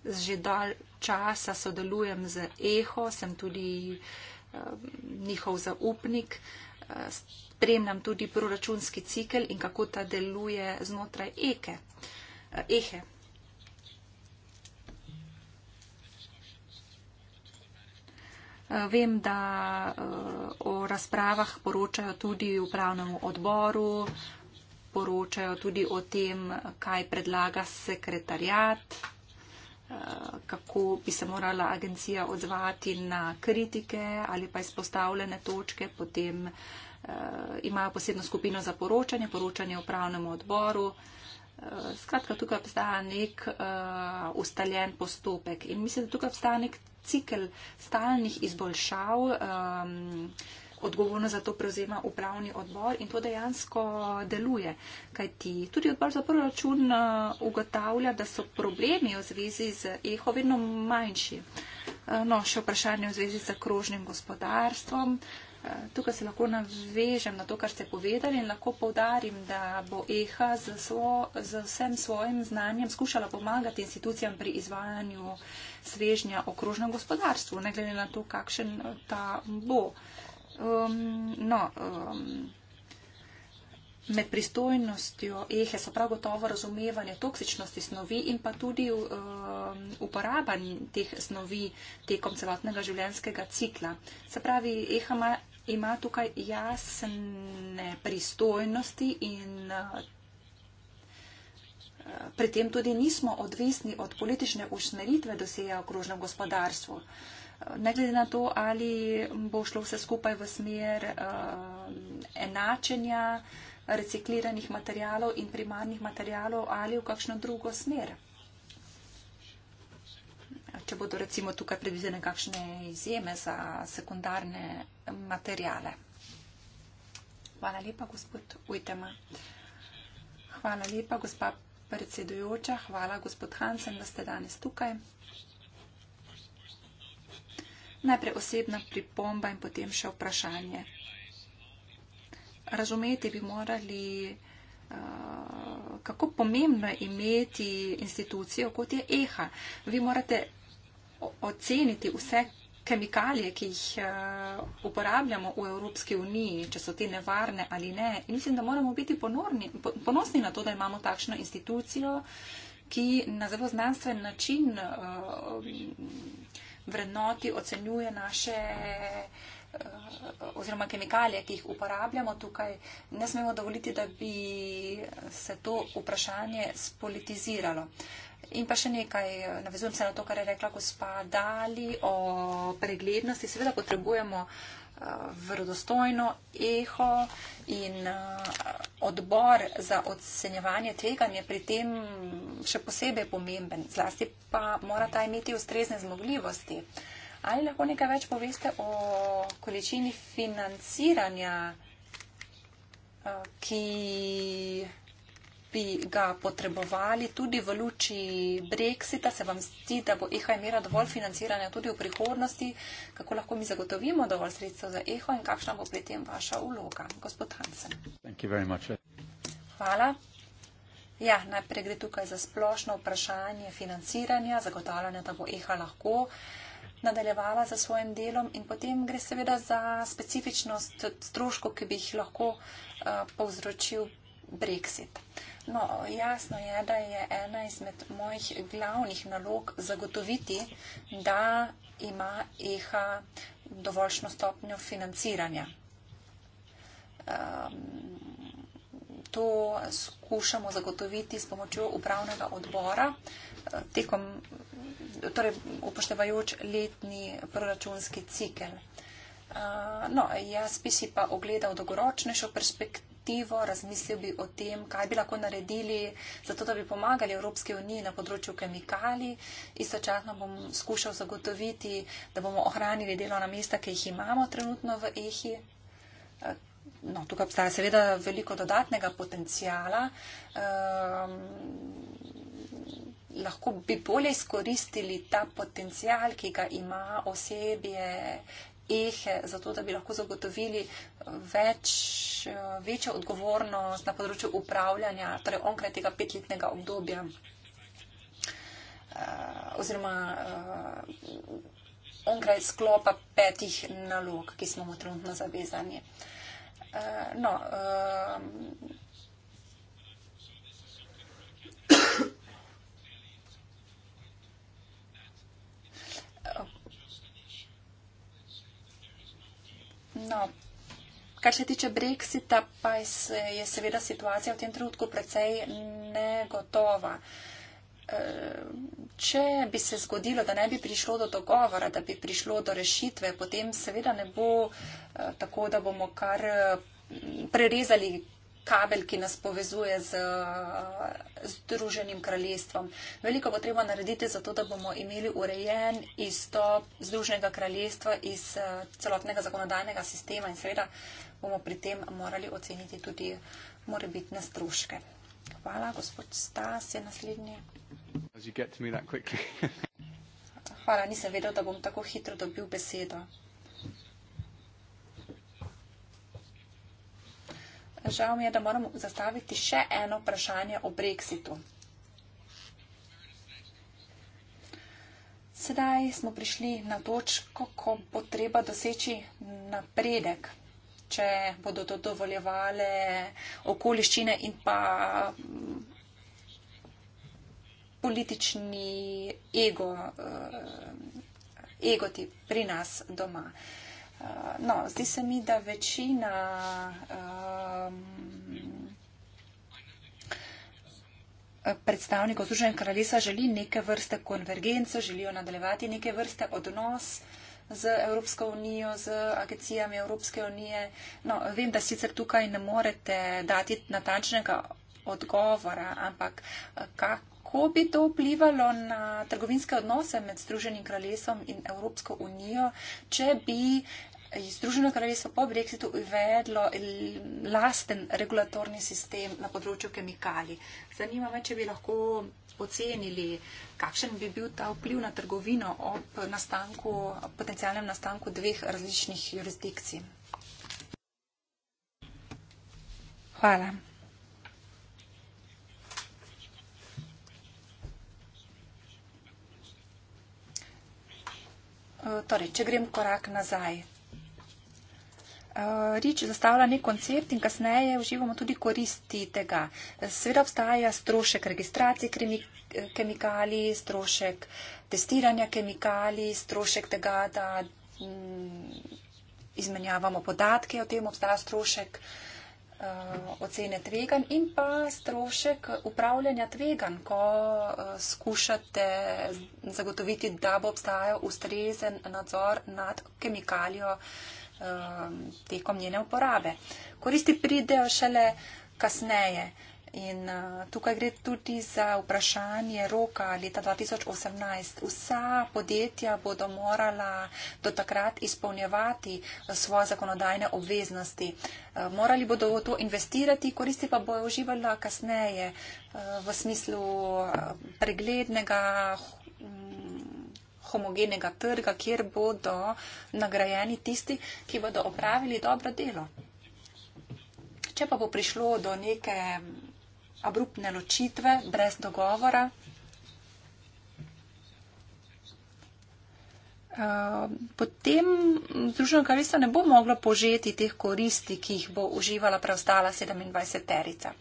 že dal časa sodelujem z EHO, sem tudi uh, njihov zaupnik. Uh, spremljam tudi proračunski cikel in kako ta deluje znotraj EKE. Uh, EHE. Vem, da uh, o razpravah poročajo tudi upravnemu odboru, uh, poročajo tudi o tem, kaj predlaga sekretarjat, eh, kako bi se morala agencija odzvati na kritike ali pa izpostavljene točke, potem eh, imajo posebno skupino za poročanje, poročanje v pravnem odboru. Eh, skratka, tukaj obstaja nek ustaljen postopek in mislim, da tukaj obstaja nek cikl stalnih izboljšav. Um, odgovornost za to prevzema upravni odbor in to dejansko deluje. Kaj ti tudi odbor za proračun eh, ugotavlja, da so problemi v zvezi z EHO vedno manjši. Eh, no, še vprašanje v zvezi z krožnim gospodarstvom. Eh, tukaj se lahko navežem na to, kar ste povedali in lahko povdarim, da bo EHA z, svo, z vsem svojim znanjem skušala pomagati institucijam pri izvajanju svežnja o krožnem gospodarstvu, ne glede na to, kakšen ta bo. Uh, Um, no, um, med pristojnostjo ehe so prav gotovo razumevanje toksičnosti snovi in pa tudi um, uporaba teh snovi tekom celotnega življenjskega cikla. Se pravi, eha ima, ima tukaj jasne pristojnosti in. Uh, pri tem tudi nismo odvisni od politične usmeritve, da se je okrožno gospodarstvo. Uh, ne glede na to, ali bo šlo vse skupaj v smer eh, enačenja recikliranih materijalov in primarnih materijalov ali v kakšno drugo smer. Če bodo recimo tukaj predvidene kakšne izjeme za sekundarne materijale. Hvala lepa, gospod Ujtema. Hvala lepa, gospa predsedujoča. Hvala, gospod Hansen, da ste danes tukaj. Najprej osebna pripomba in potem še vprašanje. Razumeti bi morali, eh, kako pomembno je imeti institucijo, kot je EHA. Vi morate oceniti vse kemikalije, ki jih eh, uporabljamo v Evropski uniji, če so te nevarne ali ne. In mislim, da moramo biti ponorni, ponosni na to, da imamo takšno institucijo, ki na zelo znanstven način. Uh, vrednoti, ocenjuje naše eh, oziroma kemikalije, ki jih uporabljamo tukaj. Ne smemo dovoliti, da bi se to vprašanje spolitiziralo. In pa še nekaj, navezujem se na to, kar je rekla gospa Dali o preglednosti. Seveda potrebujemo uh, verodostojno eho in eh, odbor za ocenjevanje tveganja pri tem še posebej pomemben, zlasti pa mora ta imeti ustrezne zmogljivosti. Ali lahko nekaj več poveste o količini financiranja, eh, ki bi ga potrebovali tudi v luči Brexita? Se vam zdi, da bo EHA imela dovolj financiranja tudi v prihodnosti? Kako lahko mi zagotovimo dovolj sredstev za EHA in kakšna bo pri tem vaša vloga? Gospod Hansen. Hvala. Ja, najprej gre tukaj za splošno vprašanje financiranja, zagotavljanja, da bo EHA lahko nadaljevala za svojim delom in potem gre seveda za specifičnost stroškov, ki bi jih lahko uh, povzročil Brexit. Uh, No, jasno je, da je ena izmed mojih glavnih nalog zagotoviti, da ima EHA dovoljšno stopnjo financiranja. Um, to skušamo zagotoviti s pomočjo upravnega odbora, eh, tekom, torej upoštevajoč letni proračunski cikel. Uh, no, jaz bi si pa ogledal dolgoročnejšo perspektivo perspektivo, razmislil bi o tem, kaj bi lahko naredili za to, da bi pomagali Evropske unije na področju kemikali. Istočasno bom skušal zagotoviti, da bomo ohranili delovna mesta, ki jih imamo trenutno v EHI. No, tukaj obstaja seveda veliko dodatnega potencijala. Um, ehm, lahko bi bolje izkoristili ta potencijal, ki ga ima osebje ehe, zato da bi lahko zagotovili več, eh, večjo odgovornost na področju upravljanja, torej onkraj tega petletnega obdobja eh, oziroma eh, onkraj sklopa petih nalog, ki smo mu trenutno zavezani. No, No, kar se tiče Brexita, pa je seveda situacija v tem trenutku precej negotova. E, če bi se zgodilo, da ne bi prišlo do dogovora, da bi prišlo do rešitve, potem seveda ne bo e, tako, da bomo kar prerezali kabel, ki nas povezuje z eh, Združenim kraljestvom. Veliko bo treba narediti za to, da bomo imeli urejen izstop Združenega kraljestva iz eh, celotnega zakonodajnega sistema in seveda bomo pri tem morali oceniti tudi morebitne stroške. Hvala, gospod Stas je naslednji. Hvala, nisem vedel, da bom tako hitro dobil besedo. Žal mi je, da moram zastaviti še eno vprašanje o Brexitu. Sedaj smo prišli na točko, ko bo treba doseči napredek, če bodo to dovoljevale okoliščine in pa mm, politični ego, eh, egoti pri nas doma. Eh, no, zdi se mi, da večina um, predstavnikov Združenega kraljestva želi neke vrste konvergence, želijo nadaljevati neke vrste odnos z Evropsko unijo, z agencijami Evropske unije. No, vem, da sicer tukaj ne morete dati natančnega odgovora, ampak eh, kako bi to vplivalo na trgovinske odnose med Združenim kraljestvom in Evropsko unijo, če bi uh, Združeno kraljestvo po Brexitu uvedlo lasten regulatorni sistem na področju kemikalij. Zanima me, če bi lahko ocenili, kakšen bi bil ta vpliv na trgovino ob nastanku, potencijalnem nastanku dveh različnih jurisdikcij. Hvala. Torej, če grem korak nazaj, Rič zastavlja nek koncept in kasneje uživamo tudi koristi tega. Seveda obstaja strošek registracije kemikalij, strošek testiranja kemikalij, strošek tega, da mm, izmenjavamo podatke o tem, obstaja strošek eh, ocene tvegan in pa strošek upravljanja tvegan, ko eh, skušate zagotoviti, da bo obstajal ustrezen nadzor nad kemikalijo. Um, tekom njene uporabe. Koristi pridejo šele kasneje. In uh, tukaj gre tudi za vprašanje roka leta 2018. Vsa podjetja bodo morala do takrat izpolnjevati uh, svoje zakonodajne obveznosti. Uh, morali bodo v to investirati, koristi pa bojo uživala kasneje uh, v smislu uh, preglednega, homogenega trga, kjer bodo nagrajeni tisti, ki bodo opravili dobro delo. Če pa bo prišlo do neke mm, abruptne ločitve, brez dogovora, eh, potem Združeno kraljestvo ne bo moglo požeti teh koristi, ki jih bo uživala preostala 27 terica.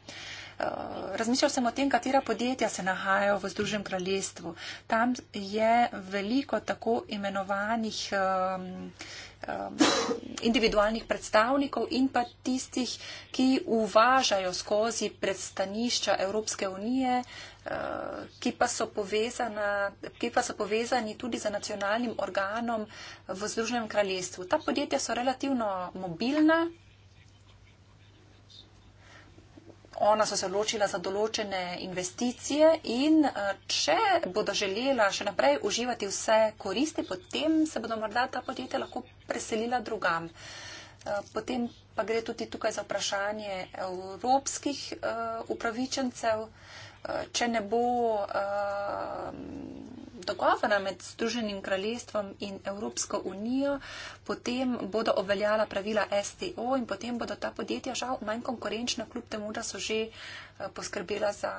Eh, razmišljal sem o tem, katera podjetja se nahajajo v Združenem kraljestvu. Tam je veliko tako imenovanih um, um, individualnih predstavnikov in pa tistih, ki uvažajo skozi predstanišča Evropske unije. Eh, ki pa, ki pa so povezani tudi z nacionalnim organom v Združenem kraljestvu. Ta podjetja so relativno mobilna, ona so se odločila za določene investicije in eh, če bodo želela še naprej uživati vse koristi, potem se bodo morda ta podjetja lahko preselila drugam. Eh, potem pa gre tudi tukaj za vprašanje evropskih eh, upravičencev če ne bo um, dogovora med Združenim kraljestvom in Evropsko unijo, potem bodo obveljala pravila STO in potem bodo ta podjetja žal manj konkurenčna, kljub temu, da so že uh, poskrbela za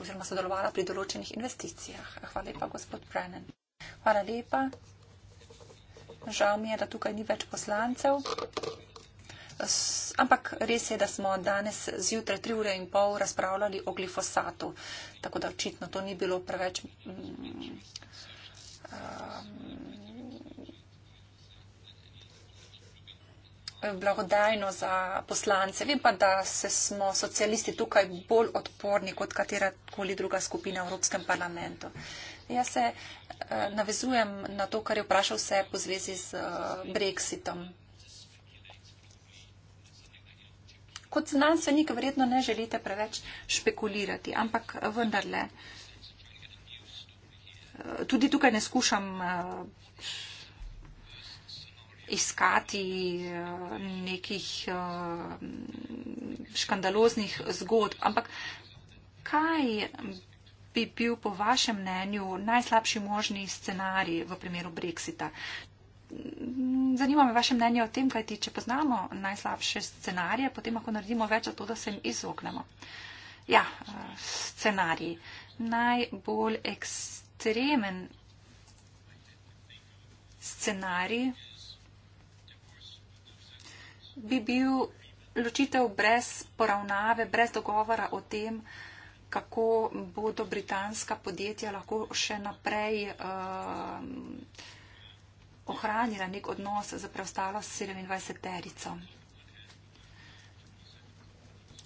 oziroma sodelovala pri določenih investicijah. Hvala lepa, gospod Brennan. Hvala lepa. Žal mi je, da tukaj ni več poslancev. Ampak res je, da smo danes zjutraj tri ure in pol razpravljali o glifosatu, tako da očitno to ni bilo preveč. Mm, um, blagodajno za poslance. Vem pa, da se smo socialisti tukaj bolj odporni kot katera koli druga skupina v Evropskem parlamentu. Jaz se eh, navezujem na to, kar je vprašal vse po zvezi z eh, Brexitom. kot znanstvenik verjetno ne želite preveč špekulirati, ampak vendarle. Eh, tudi tukaj ne skušam eh, iskati eh, nekih škandaloznih zgodb, ampak kaj bi bil po vašem mnenju najslabši možni scenarij v primeru Brexita? zanima me vaše mnenje o tem, kaj ti, če poznamo najslabše scenarije, potem lahko naredimo več za to, da se jim izognemo. Ja, eh, scenariji. Najbolj ekstremen scenarij bi bil ločitev brez poravnave, brez dogovora o tem, kako bodo britanska podjetja lahko še naprej uh, ohranila nek odnos z preostalo 27-terico.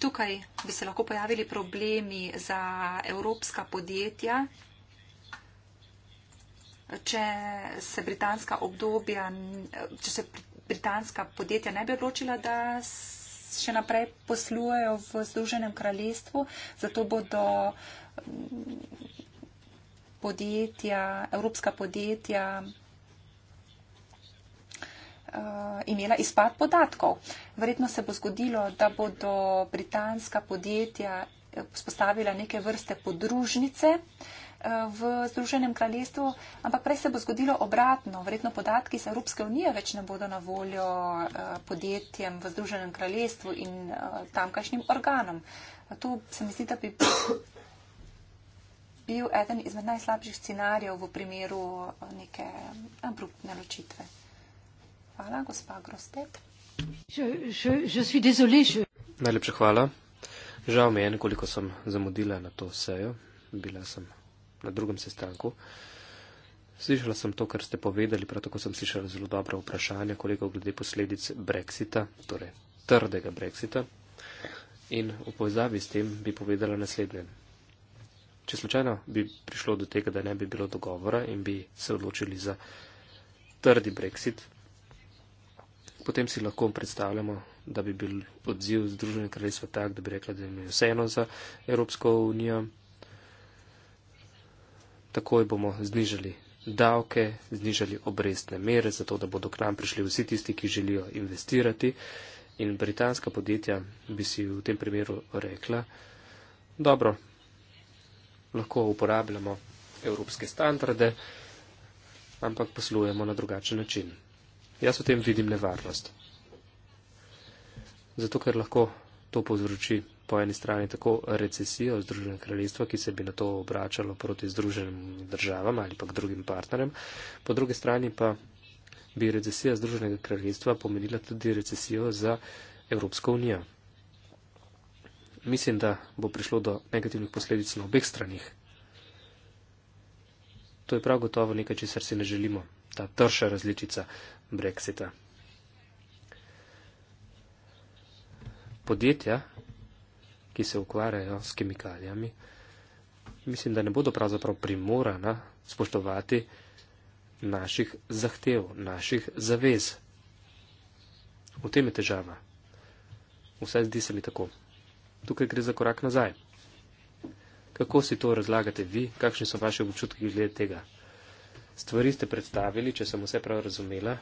Tukaj bi se lahko pojavili problemi za evropska podjetja, če se britanska obdobja, če se britanska podjetja ne bi odločila, da še naprej poslujejo v Združenem kraljestvu, zato bodo mm, podjetja, evropska podjetja Eh, imela izpad podatkov. Verjetno se bo zgodilo, da bodo britanska podjetja spostavila eh, neke vrste podružnice eh, v Združenem kraljestvu, ampak prej se bo zgodilo obratno. Verjetno podatki iz Evropske unije več ne bodo na voljo podjetjem v Združenem kraljestvu in tamkajšnjim organom. Tu se mi zdi, da bi bil eden izmed najslabših scenarijev v primeru neke abruptne ločitve. Hvala, gospa Grostet. Najlepša hvala. Žal mi je, koliko sem zamudila na to sejo. Bila sem na drugem sestanku. Slišala sem to, kar ste povedali, prav tako sem slišala zelo dobra vprašanja, koliko glede posledic brexita, torej trdega brexita. In v povezavi s tem bi povedala naslednje. Če slučajno bi prišlo do tega, da ne bi bilo dogovora in bi se odločili za trdi brexit, potem si lahko predstavljamo, da bi bil odziv Združene kraljestva tak, da bi rekla, da jim je vseeno za Evropsko unijo. Takoj bomo znižali davke, znižali obrestne mere, zato da bodo k nam prišli vsi tisti, ki želijo investirati. In britanska podjetja bi si v tem primeru rekla, dobro, lahko uporabljamo evropske standarde, ampak poslujemo na drugačen način. Jaz v tem vidim nevarnost. Zato, ker lahko to povzroči po eni strani tako recesijo Združenega kraljestva, ki se bi na to obračalo proti Združenim državam ali pa k drugim partnerjem, po drugi strani pa bi recesija Združenega kraljestva pomenila tudi recesijo za Evropsko unijo. Mislim, da bo prišlo do negativnih posledic na obeh stranih. To je prav gotovo nekaj, česar si ne želimo. Ta trša različica Brexita. Podjetja, ki se ukvarjajo s kemikalijami, mislim, da ne bodo pravzaprav primorana spoštovati naših zahtev, naših zavez. V tem je težava. Vse zdi se mi tako. Tukaj gre za korak nazaj. Kako si to razlagate vi, kakšni so vaše občutki glede tega? Stvari ste predstavili, če sem vse prav razumela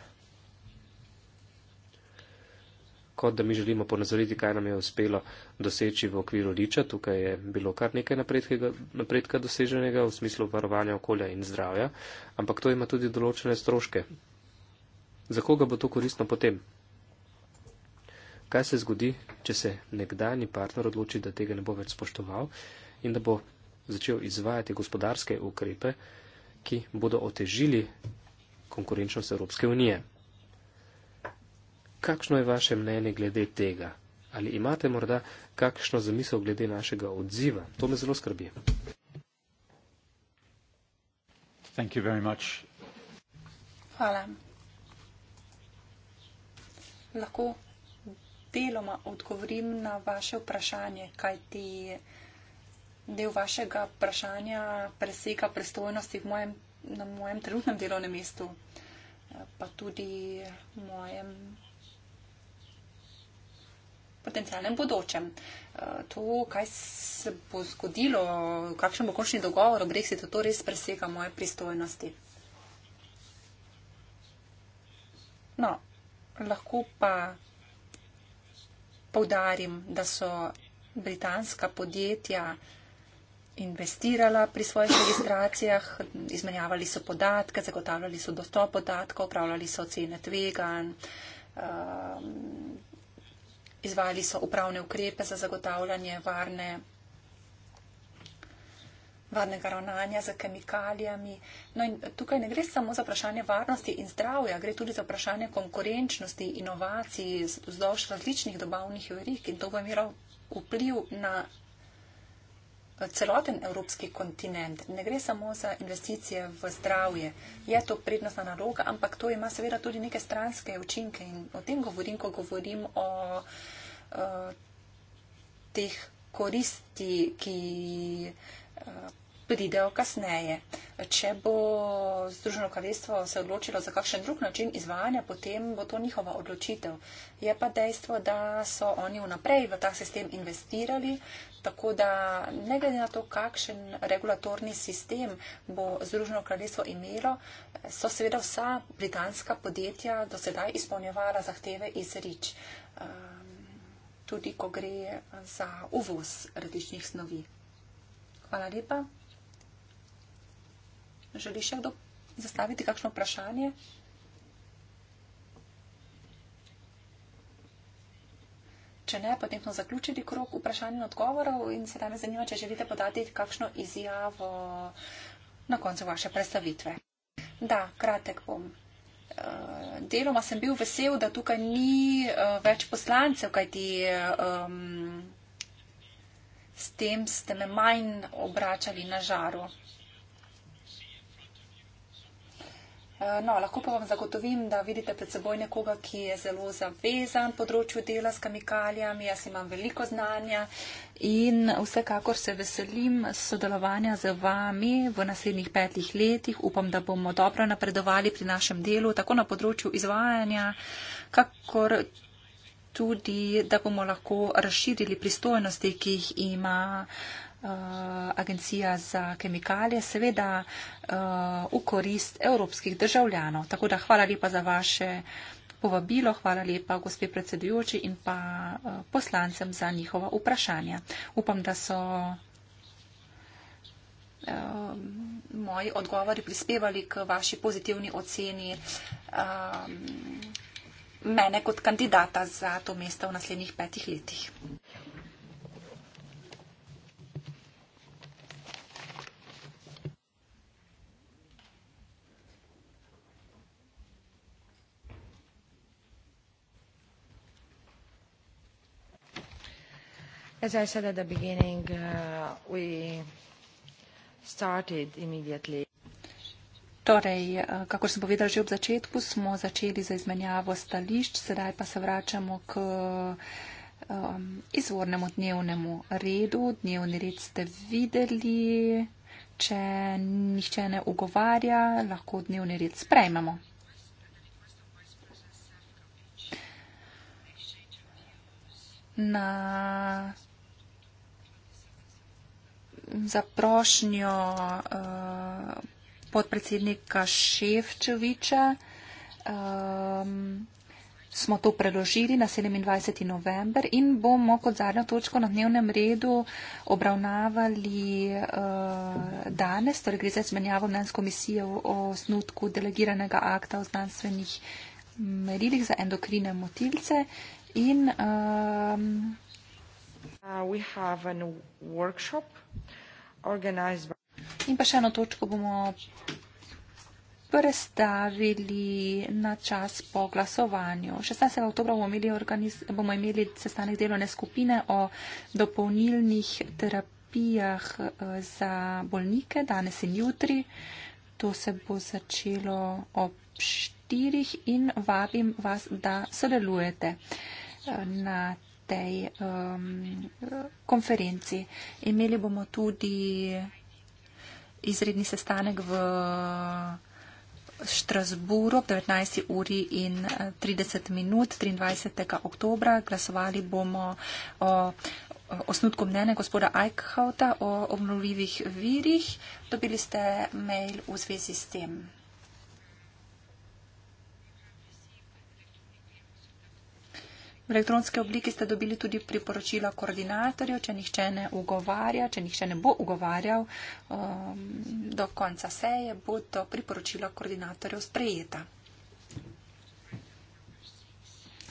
kot da mi želimo ponazoriti, kaj nam je uspelo doseči v okviru riča. Tukaj je bilo kar nekaj napredkega, napredka doseženega v smislu varovanja okolja in zdravja, ampak to ima tudi določene stroške. Za koga bo to koristno potem? Kaj se zgodi, če se nekdani partner odloči, da tega ne bo več spoštoval in da bo začel izvajati gospodarske ukrepe, ki bodo otežili konkurenčnost Evropske unije? Kakšno je vaše mnenje glede tega? Ali imate morda kakšno zamisel glede našega odziva? To me zelo skrbi. Hvala. Lahko deloma odgovorim na vaše vprašanje, kajti del vašega vprašanja presega prestojnosti mojem, na mojem trenutnem delovnem mestu, pa tudi mojem potencijalnem bodočem. Eh, to, kaj se bo zgodilo, kakšen bo končni dogovor o Brexitu, to res presega moje pristojnosti. No, lahko pa povdarim, da so britanska podjetja investirala pri svojih registracijah, izmenjavali so podatke, zagotavljali so dostop podatkov, upravljali so cene tvegan. Uh, ehm, Izvajali so upravne ukrepe za zagotavljanje varne, varnega ravnanja z kemikalijami. No tukaj ne gre samo za vprašanje varnosti in zdravja, gre tudi za vprašanje konkurenčnosti, inovacij, vzdolž različnih dobavnih verik in to bo imelo vpliv na celoten evropski kontinent. Ne gre samo za investicije v zdravje. Je to prednostna naloga, ampak to ima seveda tudi neke stranske učinke in o tem govorim, ko govorim o uh, teh koristi, ki uh, pridejo kasneje. Če bo Združeno kraljestvo se odločilo za kakšen drug način izvajanja, potem bo to njihova odločitev. Je pa dejstvo, da so oni vnaprej v ta sistem investirali, tako da ne glede na to, kakšen regulatorni sistem bo Združeno kraljestvo imelo, so seveda vsa britanska podjetja do sedaj izpolnjevala zahteve iz rič, um, tudi ko gre za uvoz različnih snovi. Hvala lepa. Želi še kdo zastaviti kakšno vprašanje? Če ne, potem smo zaključili krok vprašanj in odgovorov in se danes zanima, če želite podati kakšno izjavo na koncu vaše predstavitve. Da, kratek bom. Eh, deloma sem bil vesel, da tukaj ni eh, več poslancev, kajti um, s tem ste me manj obračali na žaru. Eh, no, lahko pa vam zagotovim, da vidite pred seboj nekoga, ki je zelo zavezan področju dela s kemikalijami. Jaz imam veliko znanja in vsekakor se veselim sodelovanja z vami v naslednjih petih letih. Upam, da bomo dobro napredovali pri našem delu, tako na področju izvajanja, kakor tudi, da bomo lahko razširili pristojnosti, ki jih ima. Uh, Eh, agencija za kemikalije, seveda eh, v korist evropskih državljanov. Tako da hvala lepa za vaše povabilo, hvala lepa gospe predsedujoči in pa eh, poslancem za njihova vprašanja. Upam, da so moji odgovori prispevali k vaši pozitivni oceni mene kot kandidata za to mesto v naslednjih petih letih. As I said at the beginning, uh, we started immediately. Torej, uh, kakor sem povedala že ob začetku, smo začeli za izmenjavo stališč, sedaj pa se vračamo k um, izvornemu dnevnemu redu. Dnevni red ste videli, če nihče ne ugovarja, lahko dnevni red sprejmemo. Na za prošnjo eh, podpredsednika Ševčeviča. Um, smo to preložili na 27. november in bomo kot zadnjo točko na dnevnem redu obravnavali uh, danes, torej gre za izmenjavo mnen s komisijo o snutku delegiranega akta o znanstvenih merilih za endokrine motilce in um, Uh, we have a new workshop organized. In pa še eno točko bomo prestavili na čas po glasovanju. 16. oktobra bomo imeli, bomo imeli sestanek delovne skupine o dopolnilnih terapijah eh, za bolnike, danes in jutri. To se bo začelo ob štirih in vabim vas, da sodelujete eh, na tej um, konferenci. Imeli bomo tudi izredni sestanek v Štrasburu ob 19. uri in 30 eh, minut 23. oktobra. Glasovali bomo o osnutku mnene gospoda Eichhauta o obnovljivih virih. Dobili ste mail v zvezi s tem. V elektronske obliki ste dobili tudi priporočila koordinatorjev, če nihče ne ugovarja, če nihče ne bo ugovarjal um, do konca seje, bo to priporočila koordinatorjev sprejeta.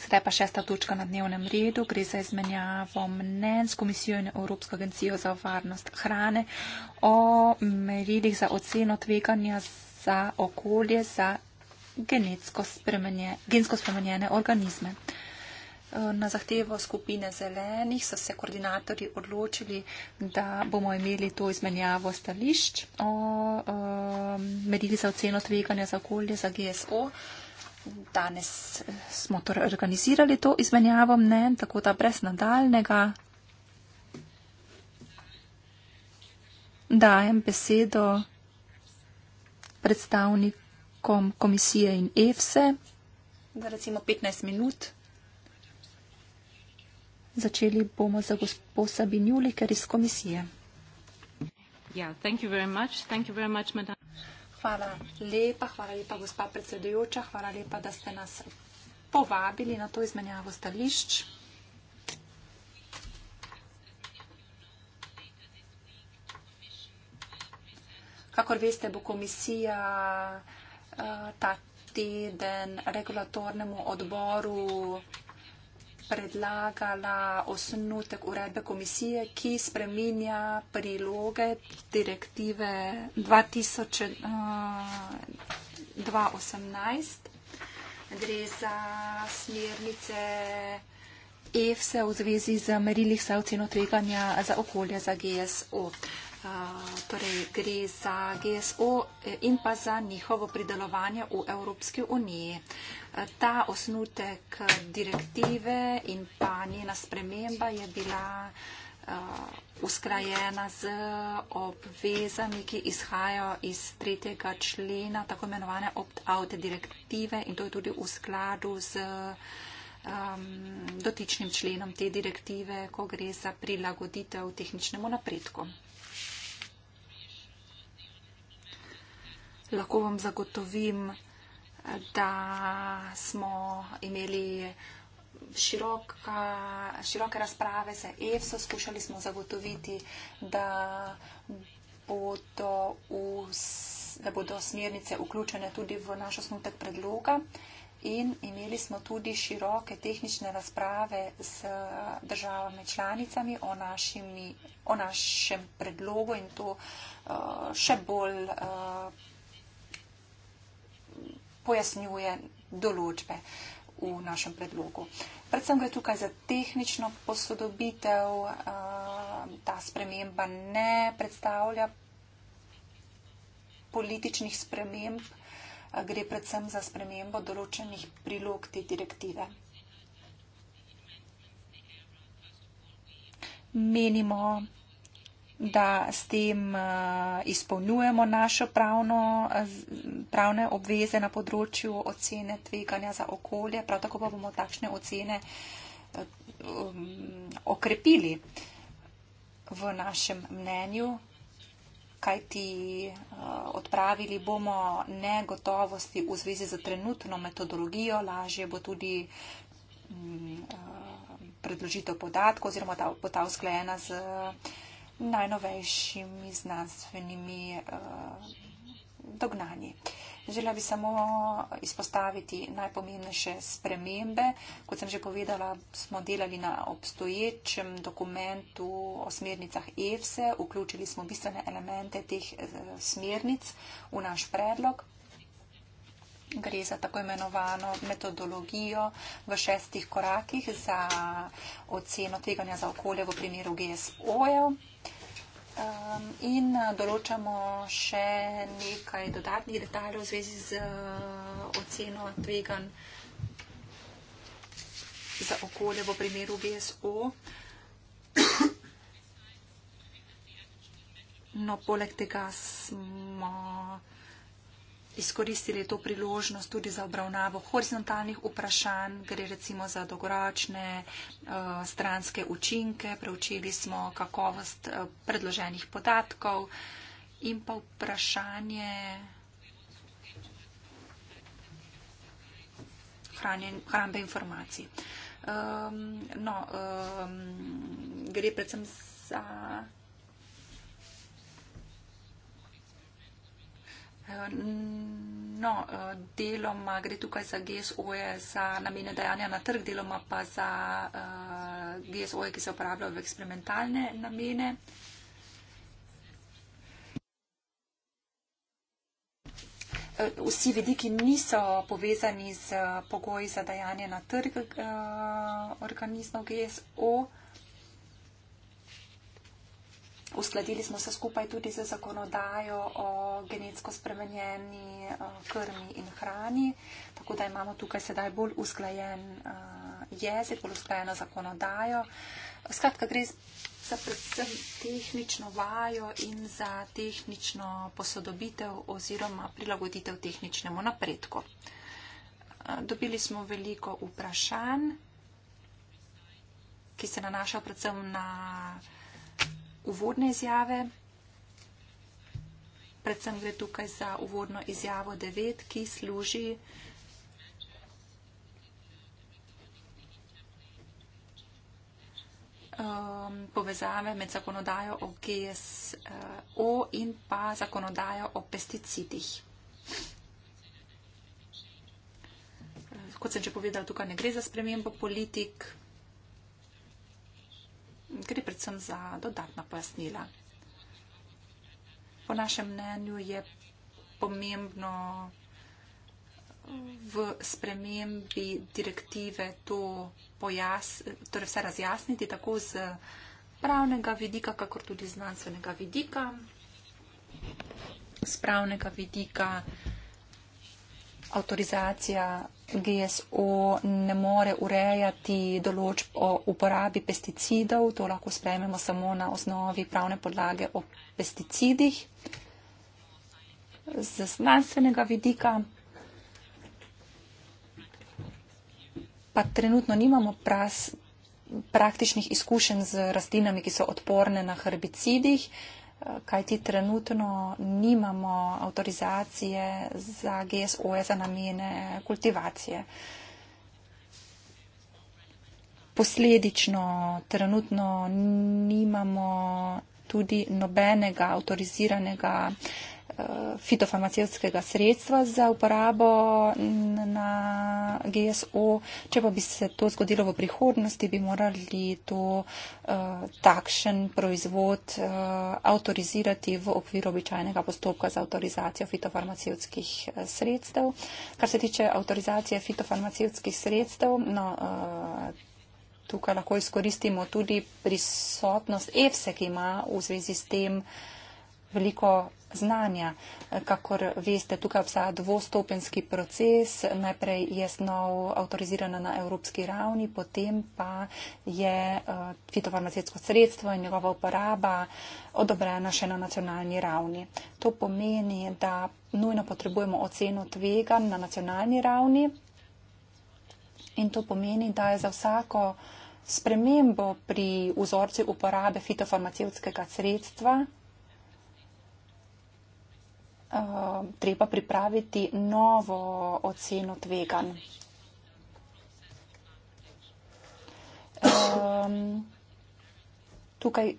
Sedaj pa šesta točka na dnevnem redu. Gre za izmenjavo mnen s Komisijo in Evropsko agencijo za varnost hrane o merilih za oceno tveganja za okolje za spremenje, gensko spremenjene organizme. Na zahtevo skupine zelenih so se koordinatorji odločili, da bomo imeli to izmenjavo stališč o um, medili za oceno tveganja za okolje za GSO. Danes eh, smo torej organizirali to izmenjavo mnen, tako da brez nadaljnega dajem besedo predstavnikom komisije in EFSE za recimo 15 minut. Začeli bomo za gospo Sabinjuli, ker iz komisije. Ja, hvala lepa, hvala lepa, gospa predsedujoča, hvala lepa, da ste nas povabili na to izmenjavo stališč. Kakor veste, bo komisija eh, ta teden regulatornemu odboru predlagala osnutek uredbe komisije, ki spreminja priloge direktive 2018. Eh, Gre za smernice EFSE e v zvezi z merilih za oceno tveganja za okolje za GSO. Uh, torej gre za GSO e, in pa za njihovo pridelovanje v Evropski uniji. E, ta osnutek e, direktive in pa njena sprememba je bila usklajena z obvezami, ki izhajajo iz tretjega člena tako imenovane opt-out direktive in to je tudi v skladu z um, dotičnim členom te direktive, ko gre za prilagoditev tehničnemu napredku. lahko vam zagotovim, da smo imeli široka, široke razprave za EFSO, skušali smo zagotoviti, da bodo, v, da bodo smernice vključene tudi v naš osnutek predloga. In imeli smo tudi široke tehnične razprave s državami članicami o, našimi, o našem predlogu in to uh, še bolj uh, pojasnjuje določbe v našem predlogu. Predvsem gre tukaj za tehnično posodobitev, eh, ta sprememba ne predstavlja političnih sprememb, eh, gre predvsem za spremembo določenih prilog te direktive. Menimo, da s tem eh, izpolnjujemo naše pravno, pravne obveze na področju ocene tveganja za okolje, prav tako pa bomo takšne ocene eh, um, okrepili v našem mnenju, kajti eh, odpravili bomo negotovosti v zvezi z trenutno metodologijo, lažje bo tudi mm, predložitev podatkov oziroma bo ta usklajena z najnovejšimi znanstvenimi uh, dognanji. Želela bi samo izpostaviti najpomembnejše spremembe. Kot sem že povedala, smo delali na obstoječem dokumentu o smernicah EFSE, e. vključili smo bistvene elemente teh eh, smernic v naš predlog. Gre za tako imenovano metodologijo v šestih korakih za oceno tveganja za okolje v primeru GSO-jev. Um, in uh, določamo še nekaj dodatnih detaljev v zvezi z uh, oceno tvegan za okolje v primeru VSO. No, poleg tega smo izkoristili to priložnost tudi za obravnavo horizontalnih vprašanj, gre recimo za dogoročne eh, stranske učinke, preučili smo kakovost eh, predloženih podatkov in pa vprašanje hrambe informacij. Ehm, no, ehm, gre predvsem za Eh, no, eh, deloma gre tukaj za GSO-je za namene dajanja na trg, deloma pa za uh, eh, GSO-je, ki se uporabljajo v eksperimentalne namene. Vsi vediki niso povezani z pogoji za dajanje na trg uh, organizmov GSO. Uh, uskladili smo se skupaj tudi za zakonodajo o genetsko spremenjeni eh, krmi in hrani, tako da imamo tukaj sedaj bolj usklajen eh, jezik, bolj usklajeno zakonodajo. Skratka, gre za predvsem tehnično vajo in za tehnično posodobitev oziroma prilagoditev tehničnemu napredku. Eh, dobili smo veliko vprašanj, ki se nanašajo predvsem na uvodne izjave. Predvsem gre tukaj za uvodno izjavo 9, ki služi um, povezave med zakonodajo o GSO in pa zakonodajo o pesticidih. Kot sem že povedal, tukaj ne gre za spremembo politik gre predvsem za dodatna pojasnila. Po našem mnenju je pomembno v spremembi direktive to pojas, torej vse razjasniti tako z pravnega vidika, kakor tudi znanstvenega vidika. Z pravnega vidika avtorizacija GSO ne more urejati določb o uporabi pesticidov. To lahko sprejmemo samo na osnovi pravne podlage o pesticidih. Z znanstvenega vidika pa trenutno nimamo pras, praktičnih izkušenj z rastlinami, ki so odporne na herbicidih kajti trenutno nimamo avtorizacije za GSO za namene kultivacije. Posledično trenutno nimamo tudi nobenega avtoriziranega fitofarmacevtskega sredstva za uporabo na GSO. Če pa bi se to zgodilo v prihodnosti, bi morali to eh, takšen proizvod eh, avtorizirati v okviru običajnega postopka za avtorizacijo fitofarmacevtskih eh, sredstev. Kar se tiče avtorizacije fitofarmacevtskih sredstev, no, tukaj lahko izkoristimo tudi prisotnost EFSE, ki ima v zvezi s tem veliko znanja. Kakor veste, tukaj obstaja dvostopenski proces. Najprej je snov avtorizirana na evropski ravni, potem pa je eh, fitofarmacijsko sredstvo in njegova uporaba odobrena še na nacionalni ravni. To pomeni, da nujno potrebujemo oceno tvega na nacionalni ravni in to pomeni, da je za vsako spremembo pri vzorci uporabe fitofarmacijskega sredstva Eh, treba pripraviti novo oceno tveganj. Um, tukaj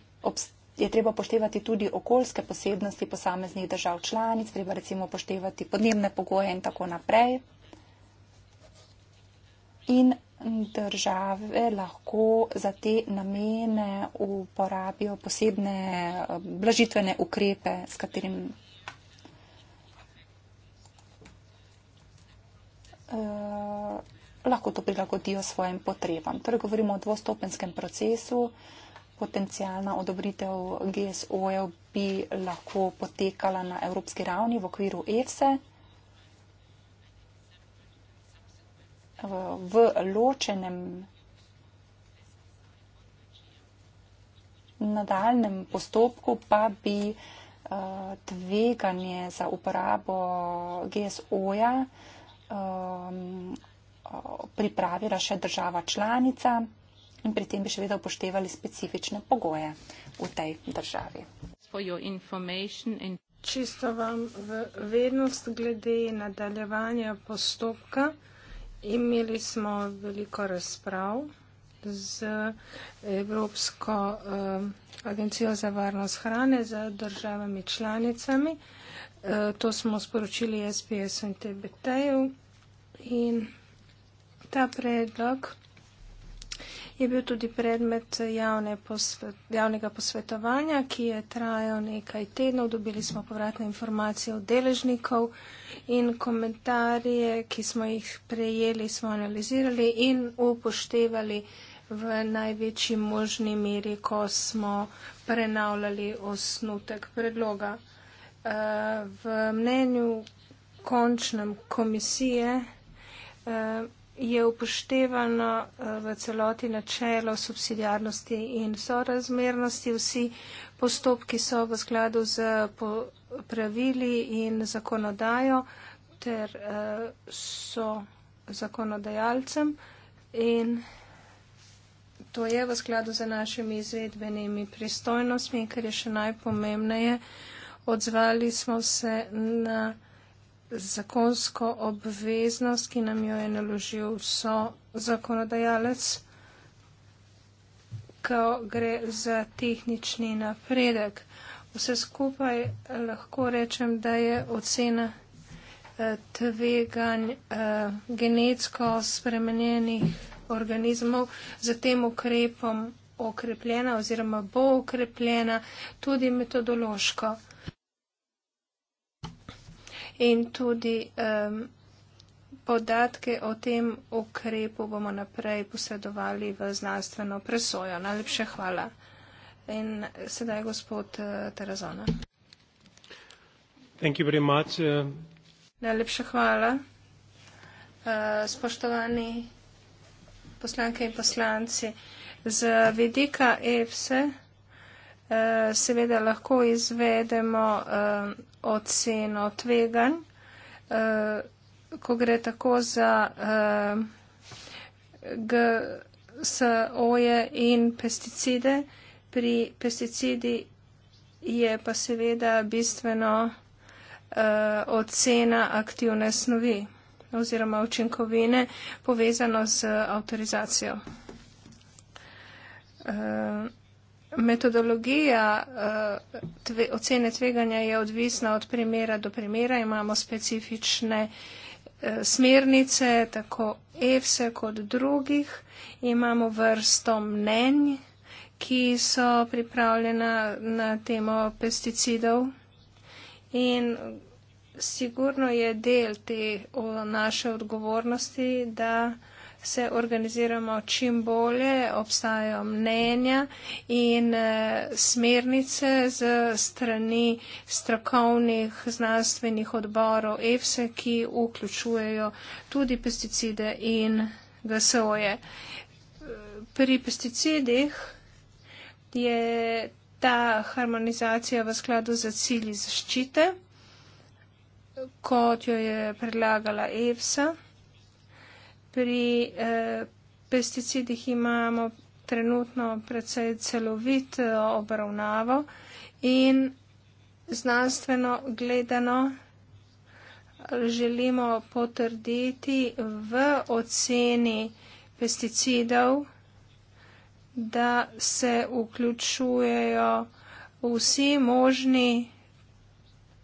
je treba poštevati tudi okoljske posebnosti posameznih držav članic, treba recimo poštevati podnebne pogoje in tako naprej. In države lahko za te namene uporabijo posebne eh, blažitvene ukrepe, s katerim Eh, lahko to prilagodijo svojim potrebam. Torej govorimo o dvostopenskem procesu. Potencijalna odobritev GSO-jev bi lahko potekala na evropski ravni v okviru EFSE e. v ločenem nadaljnem postopku pa bi eh, tveganje za uporabo GSO-ja uh, um, pripravila še država članica in pri tem bi še vedno upoštevali specifične pogoje v tej državi. Čisto vam v vednost glede nadaljevanja postopka. Imeli smo veliko razprav z Evropsko eh, agencijo za varnost hrane, z državami članicami. Eh, to smo sporočili SPS-u in TBT-ju. In ta predlog je bil tudi predmet javne posvet, javnega posvetovanja, ki je trajal nekaj tednov. Dobili smo povratne informacije od deležnikov in komentarje, ki smo jih prejeli, smo analizirali in upoštevali v največji možni meri, ko smo prenavljali osnutek predloga v mnenju končnem komisije eh, je upoštevano eh, v celoti načelo subsidijarnosti in sorazmernosti. Vsi postopki so v skladu z pravili in zakonodajo ter eh, so zakonodajalcem in to je v skladu z našimi izvedbenimi pristojnostmi, ker je še najpomembneje, odzvali smo se na zakonsko obveznost, ki nam jo je naložil so zakonodajalec, ko gre za tehnični napredek. Vse skupaj lahko rečem, da je ocena eh, tveganj eh, genetsko spremenjenih organizmov za tem ukrepom okrepljena oziroma bo okrepljena tudi metodološko in tudi um, podatke o tem ukrepu bomo naprej posredovali v znanstveno presojo. Najlepše hvala. In sedaj gospod eh, Terazona. Thank you very much. Eh. Najlepša hvala. Eh, spoštovani poslanke in poslanci, z vedika EFSE seveda lahko izvedemo oceno tvegan, eh, ko gre tako za eh, GSO-je in pesticide. Pri pesticidi je pa seveda bistveno eh, ocena aktivne snovi oziroma učinkovine povezano z avtorizacijo. Uh, Metodologija eh, tve, ocene tveganja je odvisna od primera do primera. Imamo specifične eh, smernice, tako EFSE kot drugih. Imamo vrsto mnenj, ki so pripravljena na temo pesticidov. In sigurno je del te naše odgovornosti, da se organiziramo čim bolje, obstajajo mnenja in eh, smernice z strani strokovnih znanstvenih odborov EFSE, ki vključujejo tudi pesticide in GSO-je. Pri pesticidih je ta harmonizacija v skladu za cilji zaščite, kot jo je predlagala EFSA. Pri eh, pesticidih imamo trenutno precej celovito eh, obravnavo in znanstveno gledano eh, želimo potrditi v oceni pesticidov, da se vključujejo vsi možni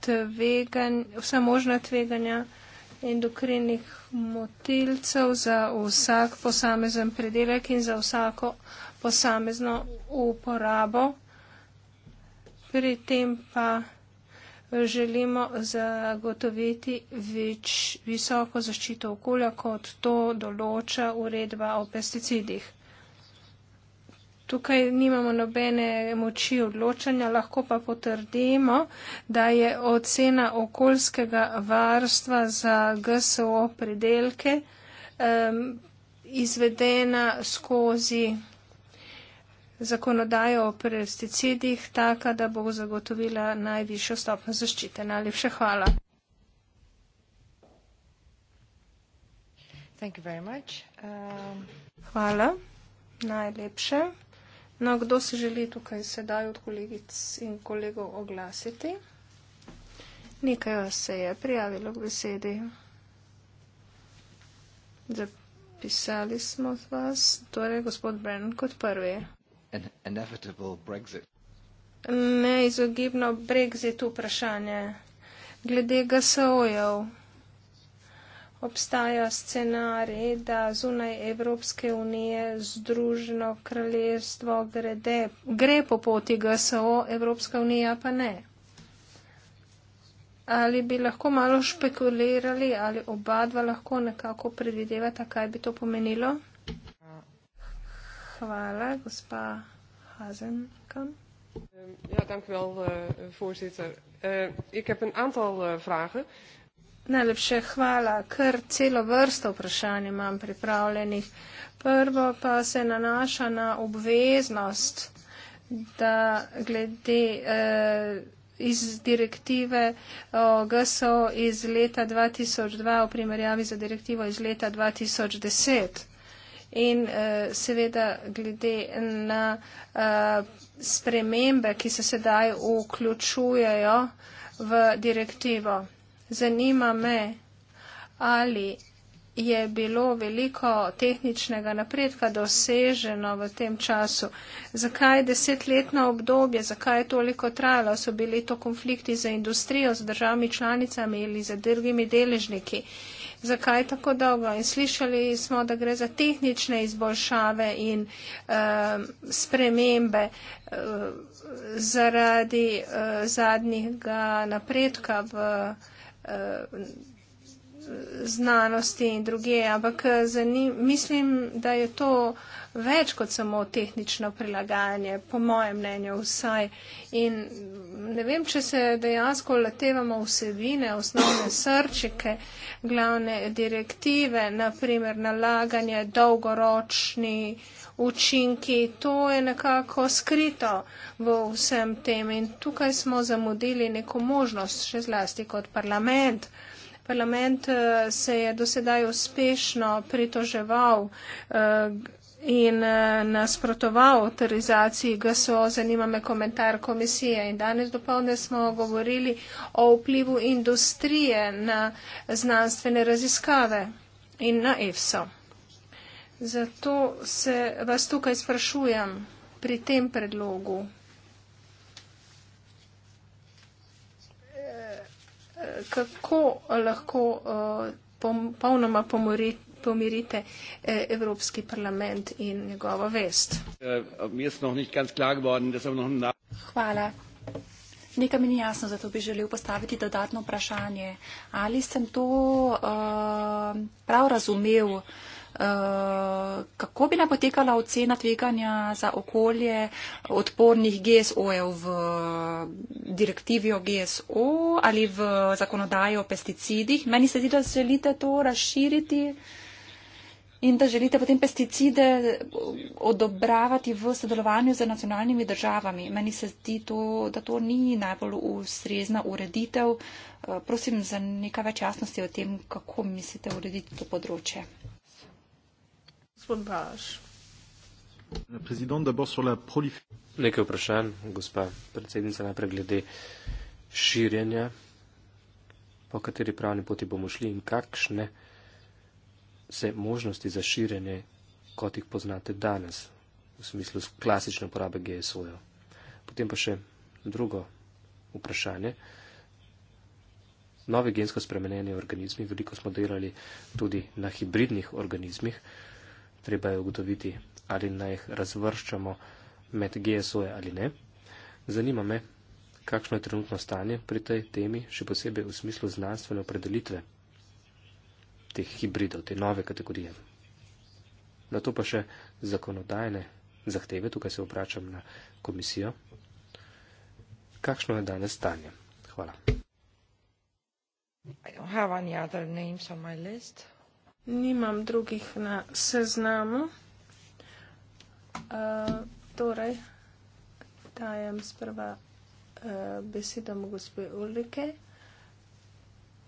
tveganj, vsa možna tveganja endokrinnih motilcev za vsak posamezen predelek in za vsako posamezno uporabo. Pri tem pa želimo zagotoviti več visoko zaščito okolja, kot to določa uredba o pesticidih. Tukaj nimamo nobene moči odločanja, lahko pa potrdimo, da je ocena okoljskega varstva za GSO predelke um, izvedena skozi zakonodajo o pesticidih, taka, da bo zagotovila najvišjo stopno zaščite. Najlepša hvala. Um, hvala. Najlepše. No, kdo se želi tukaj sedaj od kolegic in kolegov oglasiti? Nekaj se je prijavilo k besedi. Zapisali smo z vas, torej gospod Brennan kot prvi. Neizogibno Brexit vprašanje. Glede GSO-jev obstaja scenarij, da zunaj Evropske unije združeno kraljestvo grede, gre po poti GSO, Evropska unija pa ne. Ali bi lahko malo špekulirali, ali oba dva lahko nekako predvidevata, kaj bi to pomenilo? Hvala, gospa Hazenkam. Ja, dank u wel, uh, voorzitter. Uh, ik heb een aantal uh, vragen. Najlepše hvala, ker celo vrsto vprašanj imam pripravljenih. Prvo pa se nanaša na obveznost, da glede eh, iz direktive o GSO iz leta 2002 v primerjavi za direktivo iz leta 2010 in eh, seveda glede na eh, spremembe, ki se sedaj vključujejo v direktivo. Zanima me, ali je bilo veliko tehničnega napredka doseženo v tem času. Zakaj desetletno obdobje, zakaj je toliko trajalo, so bili to konflikti za industrijo, z državami članicami ali za drugimi deležniki. Zakaj tako dolgo? In slišali smo, da gre za tehnične izboljšave in uh, spremembe uh, zaradi uh, zadnjega napredka v. Uh, Eh, znanosti in druge, ampak eh, zanim, mislim, da je to več kot samo tehnično prilagajanje, po mojem mnenju vsaj. In mm, ne vem, če se dejansko letevamo vsebine, osnovne srčike, glavne direktive, naprimer nalaganje dolgoročnih učinki. To je nekako skrito v vsem tem in tukaj smo zamudili neko možnost, še zlasti kot parlament. Parlament eh, se je dosedaj uspešno pritoževal eh, in eh, nasprotoval avtorizaciji GSO, zanima me komentar komisije. In danes dopolne smo govorili o vplivu industrije na znanstvene raziskave in na EFSO. Zato se vas tukaj sprašujem pri tem predlogu. Kako lahko eh, popolnoma pomirite eh, Evropski parlament in njegovo vest? Eh, Hvala. Nekaj mi ni jasno, zato bi želel postaviti dodatno vprašanje. Ali sem to uh, prav razumel? Uh, Eh, kako bi nam potekala ocena tveganja za okolje odpornih GSO-jev v eh, direktivi o GSO ali v zakonodaji o pesticidih. Meni se zdi, da želite to razširiti in da želite potem pesticide eh, odobravati v sodelovanju z nacionalnimi državami. Meni se zdi, to, da to ni najbolj ustrezna ureditev. Prosim za nekaj več jasnosti o tem, kako mislite urediti to področje gospod Baš. Nekaj vprašanj, gospa predsednica, najprej glede širjenja, po kateri pravni poti bomo šli in kakšne se možnosti za širjenje, kot jih poznate danes, v smislu klasične uporabe GSO-jev. Potem pa še drugo vprašanje. Novi gensko spremenjeni organizmi, veliko smo delali tudi na hibridnih organizmih treba je ugotoviti, ali naj jih razvrščamo med GSO-je ali ne. Zanima me, kakšno je trenutno stanje pri tej temi, še posebej v smislu znanstvene opredelitve teh hibridov, te nove kategorije. Na to pa še zakonodajne zahteve, tukaj se obračam na komisijo. Kakšno je danes stanje? Hvala. I don't have any other names on my list. Nimam drugih na seznamu. Uh, torej, dajem sprva uh, eh, besedom gospe Ulrike,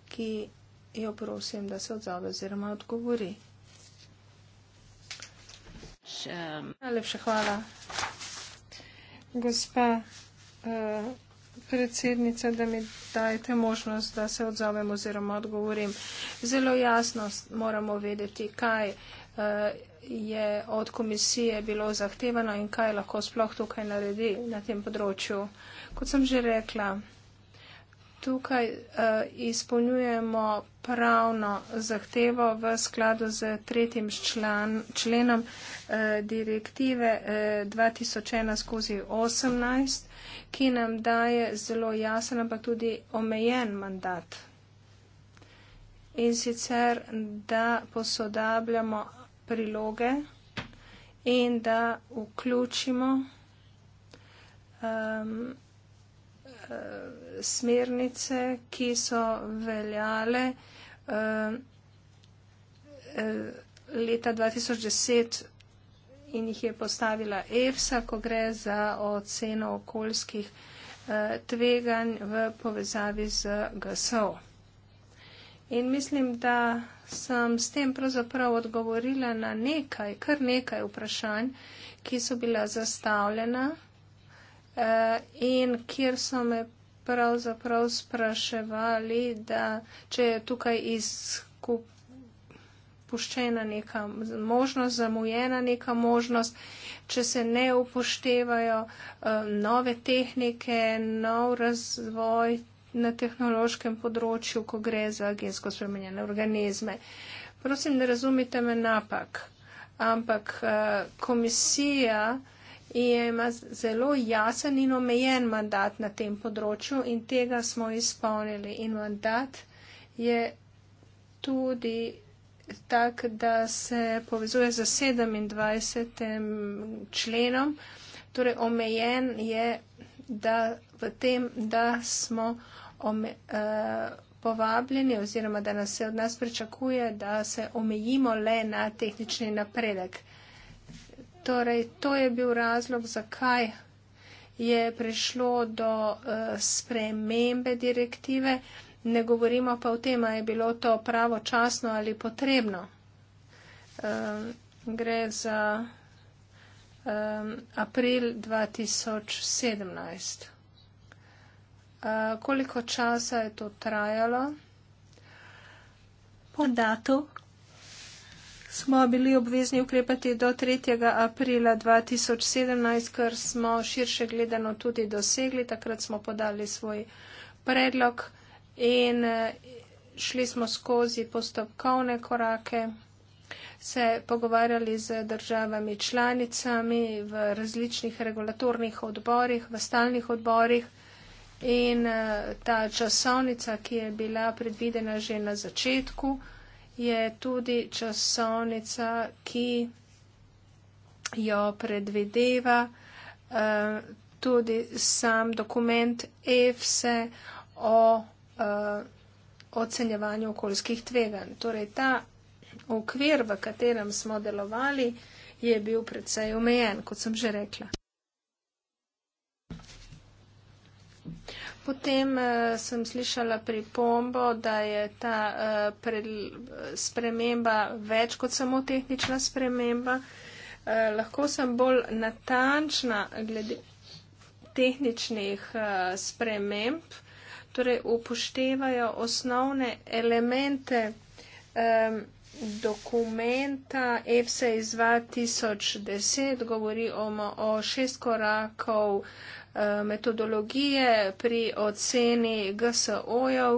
ki jo prosim, da se odzove oziroma odgovori. Najlepša hvala. Gospa. Uh, predsednica, da mi dajete možnost, da se odzovem oziroma odgovorim. Zelo jasno moramo vedeti, kaj eh, je od komisije bilo zahtevano in kaj lahko sploh tukaj naredi na tem področju. Kot sem že rekla, tukaj uh, izpolnjujemo pravno zahtevo v skladu z tretjim član, členom uh, direktive uh, eh, 2001-18, ki nam daje zelo jasen, ampak tudi omejen mandat. In sicer, da posodabljamo priloge in da vključimo. Um, Eh, smernice, ki so veljale eh, eh, leta 2010 in jih je postavila EFSA, ko gre za oceno okoljskih tveganj v povezavi z GSO. In mislim, da sem s tem pravzaprav odgovorila na nekaj, kar nekaj vprašanj, ki so bila zastavljena. Eh, in kjer so me pravzaprav spraševali, da če je tukaj izpuščena neka možnost, zamujena neka možnost, če se ne upoštevajo eh, nove tehnike, nov razvoj na tehnološkem področju, ko gre za gensko spremenjene organizme. Prosim, ne razumite me napak, ampak eh, komisija ima zelo jasen in omejen mandat na tem področju in tega smo izpolnili. In mandat je tudi tak, da se povezuje z 27. členom, torej omejen je, da v tem, da smo ome, uh, povabljeni oziroma da nas se od nas pričakuje, da se omejimo le na tehnični napredek. Torej, to je bil razlog, zakaj je prišlo do uh, spremembe direktive. Ne govorimo pa o tem, ali je bilo to pravočasno ali potrebno. Um, gre za um, april 2017. Uh, koliko časa je to trajalo? Po datu? smo bili obvezni ukrepati do 3. aprila 2017, kar smo širše gledano tudi dosegli. Takrat smo podali svoj predlog in šli smo skozi postopkovne korake, se pogovarjali z državami članicami v različnih regulatornih odborih, v stalnih odborih. In ta časovnica, ki je bila predvidena že na začetku, je tudi časovnica, ki jo predvideva eh, tudi sam dokument EFSE o eh, ocenjevanju okoljskih tveganj. Torej, ta okvir, v katerem smo delovali, je bil predvsej omejen, kot sem že rekla. Potem uh, sem slišala pripombo, da je ta uh, pre, sprememba več kot samo tehnična sprememba. Uh, lahko sem bolj natančna glede tehničnih uh, sprememb, torej upoštevajo osnovne elemente um, dokumenta EFSA iz 2010, govori o, o šest korakov. Uh, Eh, metodologije pri oceni GSO-jev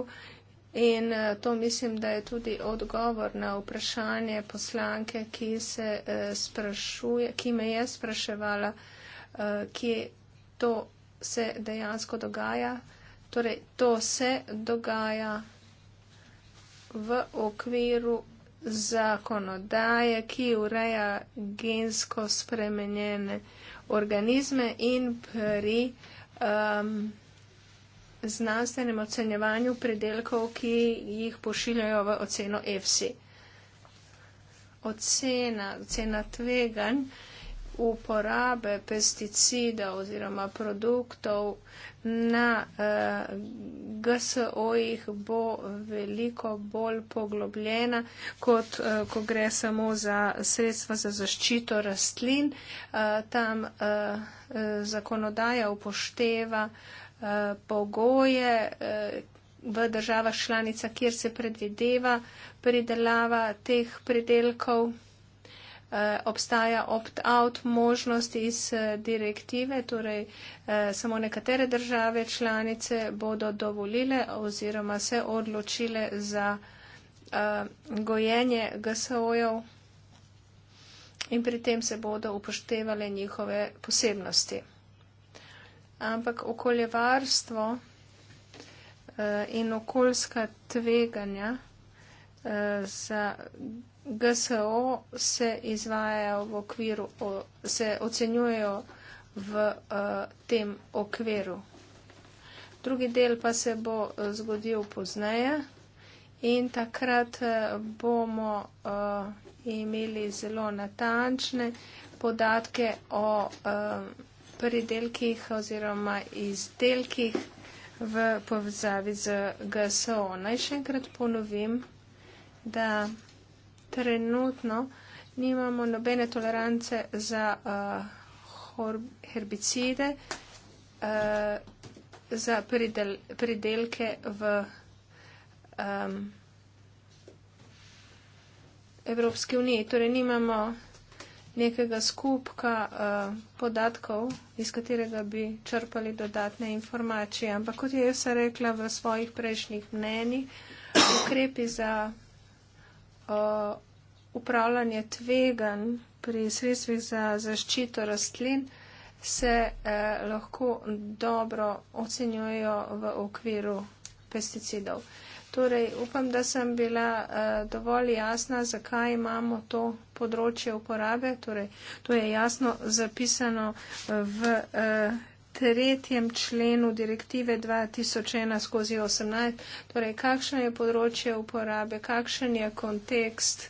in eh, to mislim, da je tudi odgovor na vprašanje poslanke, ki, se, eh, sprašuje, ki me je spraševala, kje to se dejansko dogaja. Torej, to se dogaja v okviru zakonodaje, ki ureja gensko spremenjene organizme in pri um, znanstvenem ocenjevanju predelkov, ki jih pošiljajo v oceno EFSI. Ocena, ocena tveganj uporabe pesticida oziroma produktov na eh, GSO-jih bo veliko bolj poglobljena, kot eh, ko gre samo za sredstva za zaščito rastlin. Eh, tam eh, zakonodaja upošteva eh, pogoje. Eh, v državah članica, kjer se predvideva pridelava teh predelkov. Eh, obstaja opt-out možnost iz eh, direktive, torej eh, samo nekatere države članice bodo dovolile oziroma se odločile za gojenje GSO-jev in pri tem se bodo upoštevale njihove posebnosti. Ampak okoljevarstvo in okoljska tveganja za GSO se izvajajo v okviru, se ocenjujejo v uh, tem okviru. Drugi del pa se bo eh, zgodil pozneje in takrat eh, bomo uh, imeli zelo natančne podatke o uh, pridelkih oziroma izdelkih v povezavi z GSO. Naj še enkrat ponovim, da trenutno nimamo nobene tolerance za uh, herbicide, uh, za pridel, pridelke v um, Evropski uniji. Torej nimamo nekega skupka uh, podatkov, iz katerega bi črpali dodatne informacije. Ampak kot je jaz rekla v svojih prejšnjih mnenjih, ukrepi za upravljanje tvegan pri sredstvih za zaščito rastlin se eh, lahko dobro ocenjujejo v okviru pesticidov. Torej, upam, da sem bila eh, dovolj jasna, zakaj imamo to področje uporabe. Torej, to je jasno zapisano v eh, tretjem členu direktive 2001 skozi 18, torej kakšno je področje uporabe, kakšen je kontekst,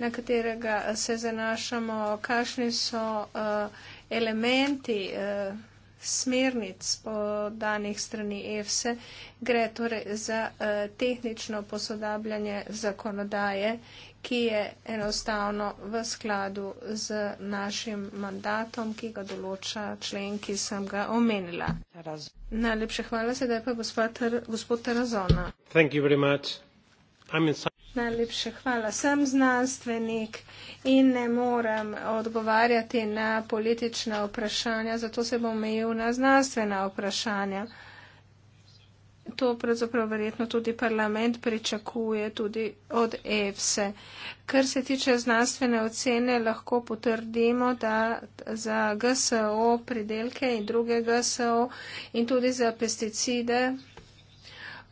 na katerega se zanašamo, kakšni so uh, elementi. Uh, smernic podanih strani EFSE gre torej za eh, tehnično posodabljanje zakonodaje, ki je enostavno v skladu z našim mandatom, ki ga določa člen, ki sem ga omenila. Raz. Najlepše hvala sedaj pa gospod Terazona. Hvala. Najlepša hvala. Sem znanstvenik in ne morem odgovarjati na politična vprašanja, zato se bom omejil na znanstvena vprašanja. To pravzaprav verjetno tudi parlament pričakuje tudi od EFSE. Kar se tiče znanstvene ocene, lahko potrdimo, da za GSO pridelke in druge GSO in tudi za pesticide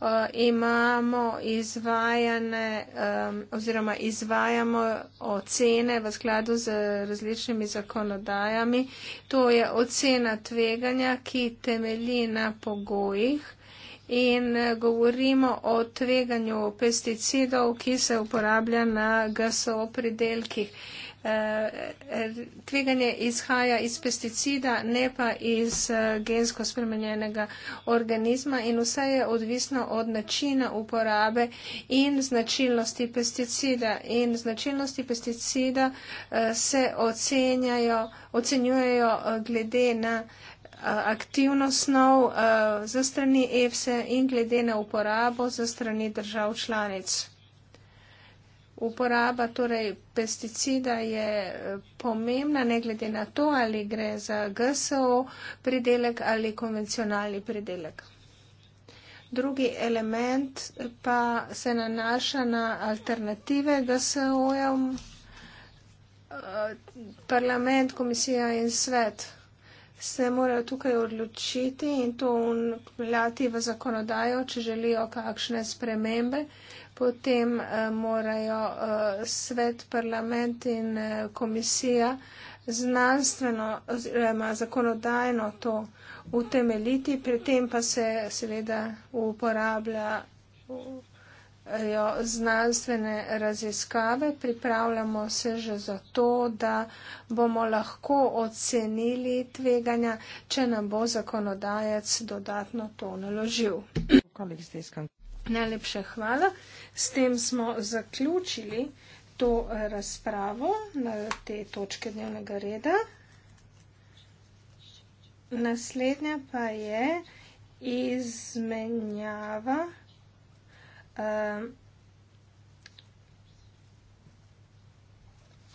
uh, imamo izvajane um, oziroma izvajamo ocene v skladu z različnimi zakonodajami. To je ocena tveganja, ki temelji na pogojih. In eh, govorimo o tveganju pesticidov, ki se uporablja na GSO pridelkih. Uh, tveganje izhaja iz pesticida, ne pa iz eh, gensko spremenjenega organizma in vse je odvisno od načina uporabe in značilnosti pesticida. In značilnosti pesticida eh, se ocenjajo, ocenjujejo eh, glede na aktivno snov za strani EFSE e in glede na uporabo za strani držav članic. Uporaba torej pesticida je eh, pomembna, ne glede na to, ali gre za GSO pridelek ali konvencionalni pridelek. Drugi element pa se nanaša na alternative GSO-jem. Eh, parlament, komisija in svet se morajo tukaj odločiti in to vljati v zakonodajo, če želijo kakšne spremembe potem eh, morajo eh, svet, parlament in eh, komisija znanstveno oziroma zakonodajno to utemeljiti, pri tem pa se seveda uporabljajo znanstvene raziskave. Pripravljamo se že zato, da bomo lahko ocenili tveganja, če nam bo zakonodajec dodatno to naložil. Najlepša hvala. S tem smo zaključili to eh, razpravo na te točke dnevnega reda. Naslednja pa je izmenjava uh,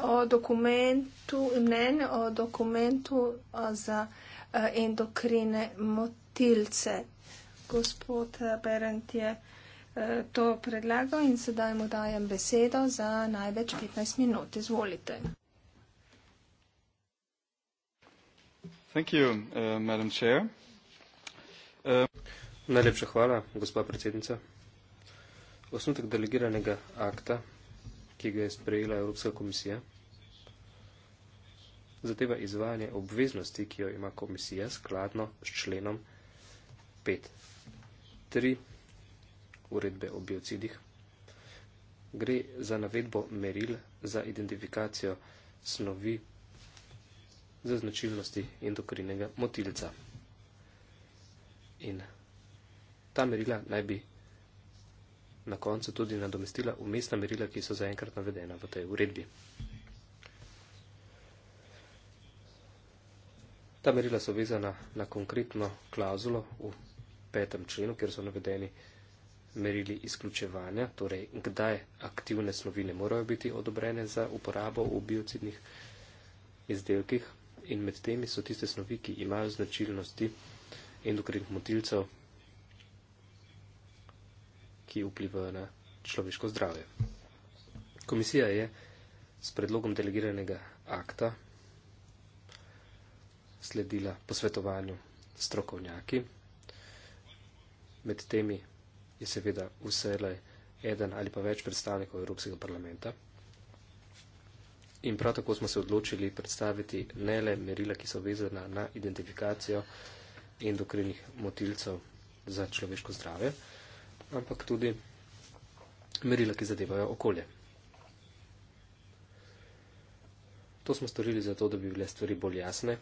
o dokumentu, mnen o dokumentu eh, za uh, endokrine motilce. Gospod Berend je uh, Eh, to predlagal in sedaj mu dajem besedo za največ 15 minut. Izvolite. Thank you, uh, Madam Chair. Uh... Najlepša hvala, gospa predsednica. Osnutek delegiranega akta, ki ga je sprejela Evropska komisija, zadeva izvajanje obveznosti, ki jo ima komisija skladno s členom 5.3 uredbe o biocidih. Gre za navedbo meril za identifikacijo snovi za značilnosti endokrinega motilca. In ta merila naj bi na koncu tudi nadomestila umestna merila, ki so zaenkrat navedena v tej uredbi. Ta merila so vezana na konkretno klauzulo v petem členu, kjer so navedeni merili izključevanja, torej kdaj aktivne snovi ne morajo biti odobrene za uporabo v biocidnih izdelkih in med temi so tiste snovi, ki imajo značilnosti endokrinih motilcev, ki vplivajo na človeško zdravje. Komisija je s predlogom delegiranega akta sledila posvetovanju strokovnjaki. Med temi je seveda vselej eden ali pa več predstavnikov Evropskega parlamenta. In prav tako smo se odločili predstaviti ne le merila, ki so vezana na identifikacijo endokrinih motilcev za človeško zdravje, ampak tudi merila, ki zadevajo okolje. To smo storili zato, da bi bile stvari bolj jasne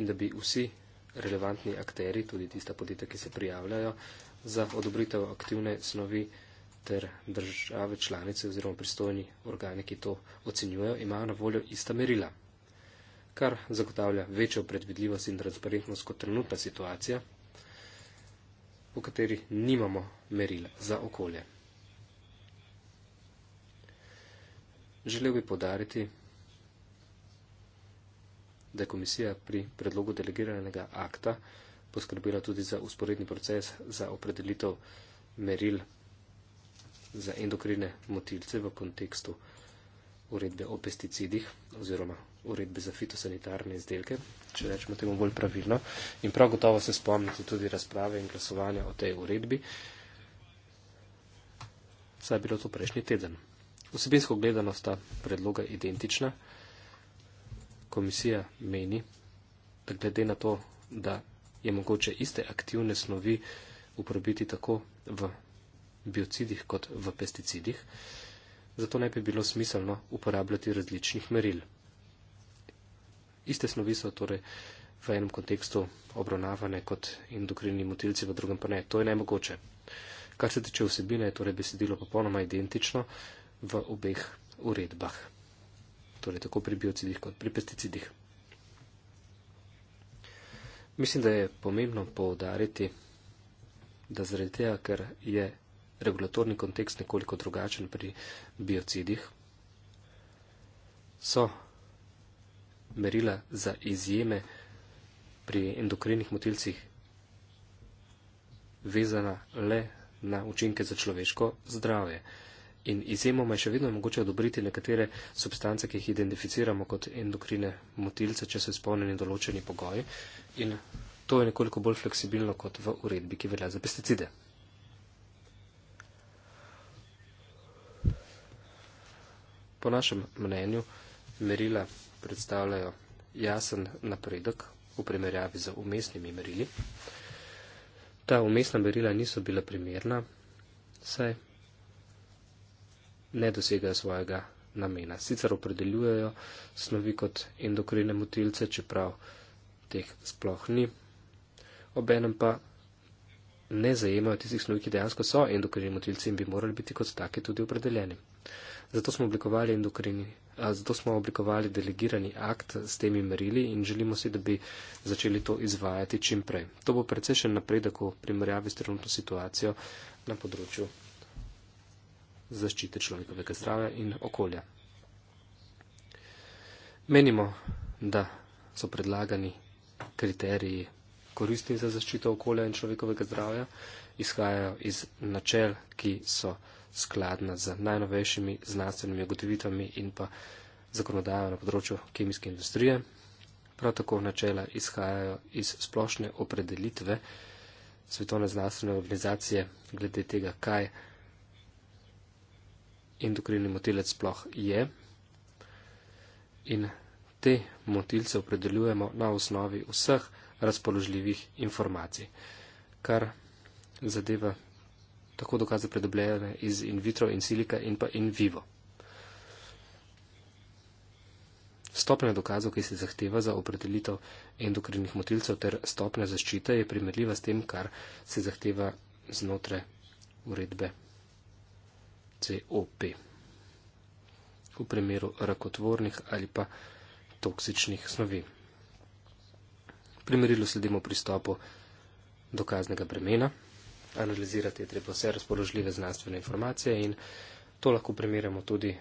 in da bi vsi relevantni akteri, tudi tista podjetja, ki se prijavljajo za odobritev aktivne snovi ter države članice oziroma pristojni organi, ki to ocenjujejo, imajo na voljo ista merila, kar zagotavlja večjo predvidljivost in transparentnost kot trenutna situacija, v kateri nimamo merila za okolje. Želel bi podariti, da je komisija pri predlogu delegiranega akta poskrbela tudi za usporedni proces za opredelitev meril za endokrine motilce v kontekstu uredbe o pesticidih oziroma uredbe za fitosanitarne izdelke, če rečemo temu bolj pravilno. In prav gotovo se spomnite tudi razprave in glasovanja o tej uredbi. Saj je bilo to prejšnji teden. Vsebinsko gledano sta predloga identična komisija meni, da glede na to, da je mogoče iste aktivne snovi uporabiti tako v biocidih kot v pesticidih, zato naj bi bilo smiselno uporabljati različnih meril. Iste snovi so torej v enem kontekstu obravnavane kot endokrini motilci, v drugem pa ne. To je najmogoče. Kar se tiče vsebine, je torej besedilo popolnoma identično v obeh uredbah torej tako pri biocidih kot pri pesticidih. Mislim, da je pomembno povdariti, da zaradi tega, ker je regulatorni kontekst nekoliko drugačen pri biocidih, so merila za izjeme pri endokrinih motilcih vezana le na učinke za človeško zdravje. In izjemoma je še vedno mogoče odobriti nekatere substance, ki jih identificiramo kot endokrine motilce, če so izpolnjeni določeni pogoji. In to je nekoliko bolj fleksibilno kot v uredbi, ki velja za pesticide. Po našem mnenju merila predstavljajo jasen napredek v primerjavi z umestnimi merili. Ta umestna merila niso bila primerna, saj ne dosegajo svojega namena. Sicer opredeljujejo snovi kot endokrine motilce, čeprav teh sploh ni, obenem pa ne zajemajo tistih snovi, ki dejansko so endokrini motilci in bi morali biti kot taki tudi opredeljeni. Zato smo oblikovali endokrini. Zato smo oblikovali delegirani akt s temi merili in želimo si, da bi začeli to izvajati čim prej. To bo precejšen napredek v primerjavi s trenutno situacijo na področju zaščite človekovega zdravja in okolja. Menimo, da so predlagani kriteriji koristni za zaščito okolja in človekovega zdravja, izhajajo iz načel, ki so skladna z najnovejšimi znanstvenimi ugotovitvami in pa zakonodajo na področju kemijske industrije. Prav tako načela izhajajo iz splošne opredelitve Svetovne znanstvene organizacije glede tega, kaj endokrinni motilec sploh je. In te motilce opredeljujemo na osnovi vseh razpoložljivih informacij, kar zadeva tako dokaze predobljene iz in vitro, in silika, in pa in vivo. Stopnja dokazov, ki se zahteva za opredelitev endokrinnih motilcev ter stopnja zaščite, je primerljiva s tem, kar se zahteva znotraj uredbe 1.1.1.1. COP v primeru rakotvornih ali pa toksičnih snovi. V primerilu sledimo pristopu dokaznega bremena. Analizirati je treba vse razpoložljive znanstvene informacije in to lahko primerjamo tudi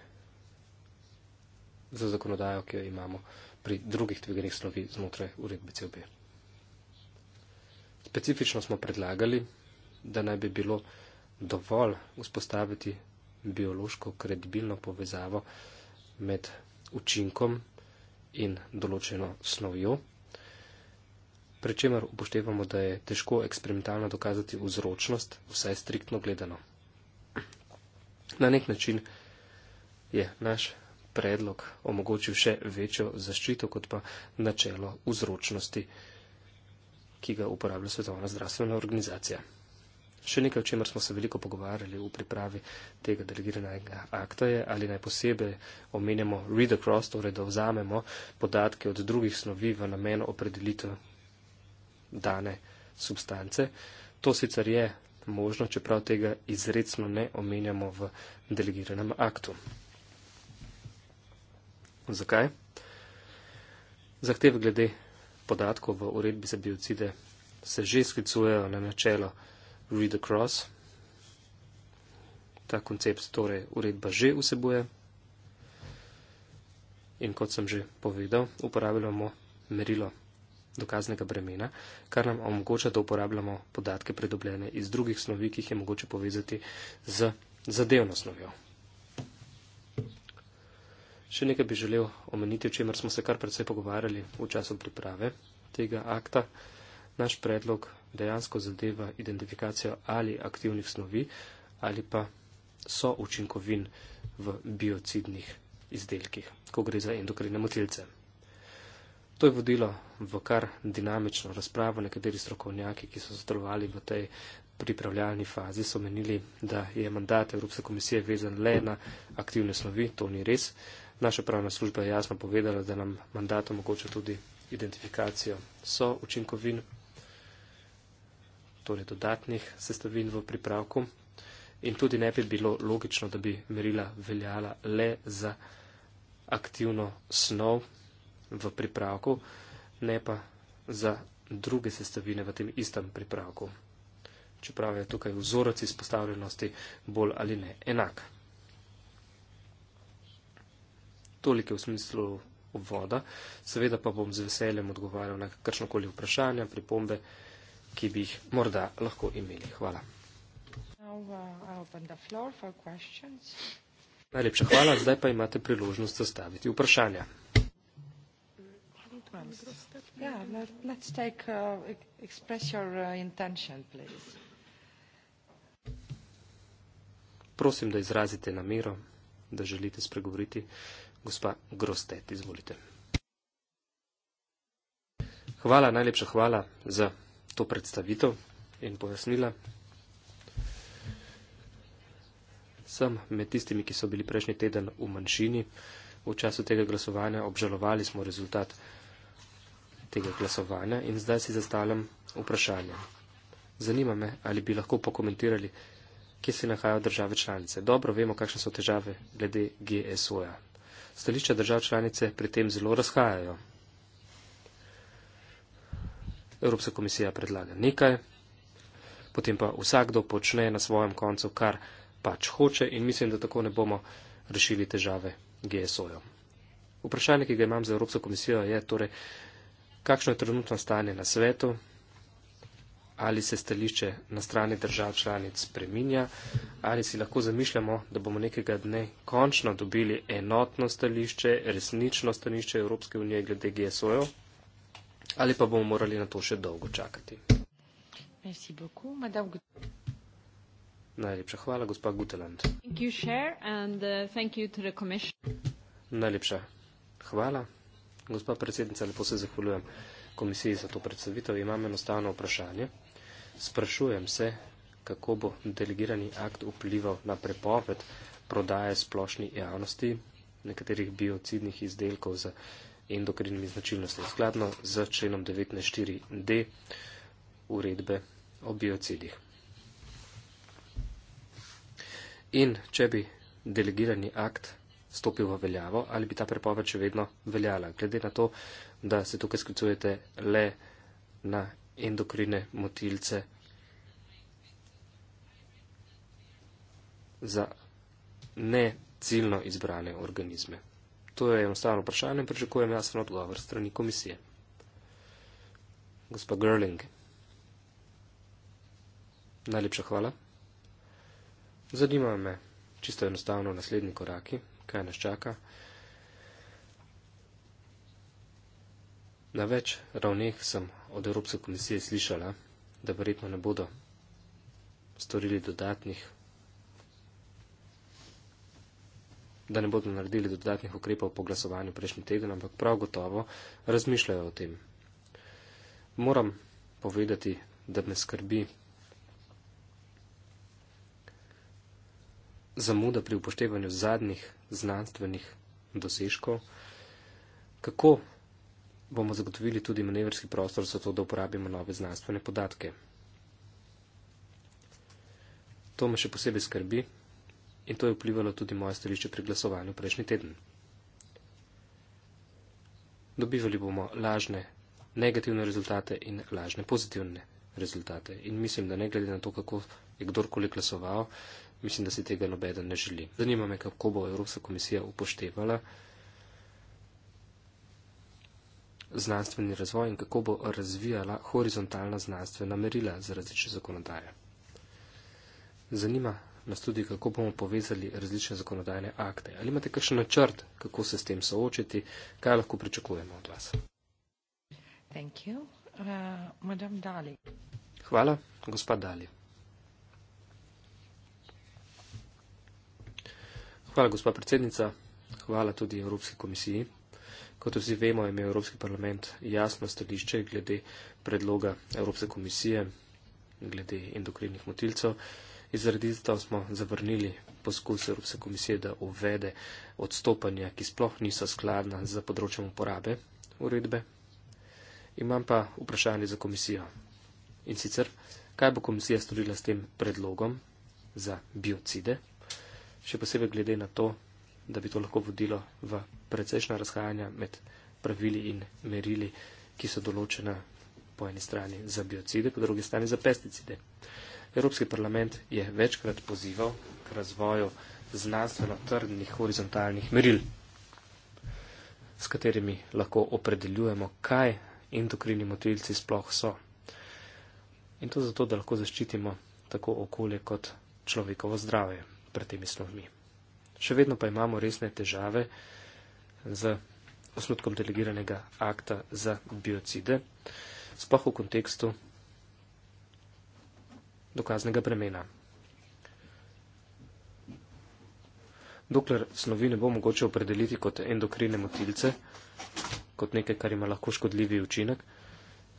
za zakonodajo, ki jo imamo pri drugih tveganih snovi znotraj uredbe COP. Specifično smo predlagali, da naj bi bilo dovolj vzpostaviti biološko kredibilno povezavo med učinkom in določeno snovjo, pri čemer upoštevamo, da je težko eksperimentalno dokazati vzročnost, vsaj striktno gledano. Na nek način je naš predlog omogočil še večjo zaščito kot pa načelo vzročnosti, ki ga uporablja Svetovna zdravstvena organizacija. Še nekaj, o čemer smo se veliko pogovarjali v pripravi tega delegiranega akta, je ali naj posebej omenjamo read across, torej da vzamemo podatke od drugih snovi v namenu opredelitve dane substance. To sicer je možno, čeprav tega izredno ne omenjamo v delegiranem aktu. Zakaj? Zahteve glede podatkov v uredbi za biocide se že sklicujejo na načelo read across. Ta koncept torej uredba že vsebuje. In kot sem že povedal, uporabljamo merilo dokaznega bremena, kar nam omogoča, da uporabljamo podatke predobljene iz drugih snovi, ki jih je mogoče povezati z zadevno snovjo. Še nekaj bi želel omeniti, o čemer smo se kar predvsej pogovarjali v času priprave tega akta. Naš predlog dejansko zadeva identifikacijo ali aktivnih snovi ali pa so učinkovin v biocidnih izdelkih, ko gre za endokrine motilce. To je vodilo v kar dinamično razpravo. Nekateri strokovnjaki, ki so sodelovali v tej pripravljalni fazi, so menili, da je mandat Evropske komisije vezan le na aktivne snovi. To ni res. Naša pravna služba je jasno povedala, da nam mandat omogoča tudi identifikacijo so učinkovin torej dodatnih sestavin v pripravku in tudi ne bi bilo logično, da bi merila veljala le za aktivno snov v pripravku, ne pa za druge sestavine v tem istem pripravku. Čeprav je tukaj vzorec izpostavljenosti bolj ali ne enak. Toliko v smislu voda, seveda pa bom z veseljem odgovarjal na kakršnokoli vprašanja, pripombe ki bi jih morda lahko imeli. Hvala. Uh, najlepša hvala, zdaj pa imate priložnost zastaviti vprašanja. Uh, uh, Prosim, da izrazite namero, da želite spregovoriti. Gospa Grostet, izvolite. Hvala, najlepša hvala za to predstavitev in pojasnila. Sem med tistimi, ki so bili prejšnji teden v manjšini. V času tega glasovanja obžalovali smo rezultat tega glasovanja in zdaj si zastavljam vprašanje. Zanima me, ali bi lahko pokomentirali, kje se nahajajo države članice. Dobro vemo, kakšne so težave glede GSO-ja. Stališča držav članice pri tem zelo razhajajo. Evropska komisija predlaga nekaj, potem pa vsakdo počne na svojem koncu, kar pač hoče in mislim, da tako ne bomo rešili težave GSO-jo. Vprašanje, ki ga imam za Evropsko komisijo, je torej, kakšno je trenutno stanje na svetu, ali se stališče na strani držav članic preminja, ali si lahko zamišljamo, da bomo nekega dne končno dobili enotno stališče, resnično stališče Evropske unije glede GSO-jo ali pa bomo morali na to še dolgo čakati. Merci beaucoup, madame Guteland. Najlepša hvala, gospa Guteland. Thank you, Cher, and uh, thank you to the commission. Najlepša hvala, gospa predsednica, lepo se zahvaljujem komisiji za to predstavitev. Imam enostavno vprašanje. Sprašujem se, kako bo delegirani akt vplival na prepoved prodaje splošni javnosti nekaterih biocidnih izdelkov za endokrinimi značilnostmi, skladno z členom 194d uredbe o biocidih. In če bi delegirani akt stopil v veljavo, ali bi ta prepoved še vedno veljala, glede na to, da se tukaj sklicujete le na endokrine motilce za ne ciljno izbrane organizme. To je enostavno vprašanje in pričakujem jasen odgovor strani komisije. Gospa Gerling, najlepša hvala. Zanima me čisto enostavno naslednji koraki, kaj nas čaka. Na več ravneh sem od Evropske komisije slišala, da verjetno ne bodo storili dodatnih da ne bodo naredili dodatnih ukrepov po glasovanju prejšnji teden, ampak prav gotovo razmišljajo o tem. Moram povedati, da me skrbi zamuda pri upoštevanju zadnjih znanstvenih dosežkov, kako bomo zagotovili tudi manevrski prostor za to, da uporabimo nove znanstvene podatke. To me še posebej skrbi, in to je vplivalo tudi moje stališče pri glasovanju prejšnji teden. Dobivali bomo lažne negativne rezultate in lažne pozitivne rezultate. In mislim, da ne glede na to, kako je kdorkoli glasoval, mislim, da si tega nobeden ne želi. Zanima me, kako bo Evropska komisija upoštevala znanstveni razvoj in kako bo razvijala horizontalna znanstvena merila za različne zakonodaje. Zanima nas tudi, kako bomo povezali različne zakonodajne akte. Ali imate kakšen načrt, kako se s tem soočiti, kaj lahko pričakujemo od vas? Hvala, uh, gospod Dali. Hvala, gospod predsednica. Hvala tudi Evropski komisiji. Kot vsi vemo, je imel Evropski parlament jasno stališče glede predloga Evropske komisije glede endokrinnih motilcev. Zaradi tega smo zavrnili poskus Evropske komisije, da uvede odstopanja, ki sploh niso skladna z področjem uporabe uredbe. Imam pa vprašanje za komisijo. In sicer, kaj bo komisija storila s tem predlogom za biocide, še posebej glede na to, da bi to lahko vodilo v precejšnja razhajanja med pravili in merili, ki so določena po eni strani za biocide, po drugi strani za pesticide. Evropski parlament je večkrat pozival k razvoju znanstveno trdnih horizontalnih meril, s katerimi lahko opredeljujemo, kaj endokrini motilci sploh so. In to zato, da lahko zaščitimo tako okolje kot človekovo zdravje pred temi snovmi. Še vedno pa imamo resne težave z osnutkom delegiranega akta za biocide, sploh v kontekstu dokaznega bremena. Dokler snovi ne bo mogoče opredeliti kot endokrine motilce, kot nekaj, kar ima lahko škodljivi učinek,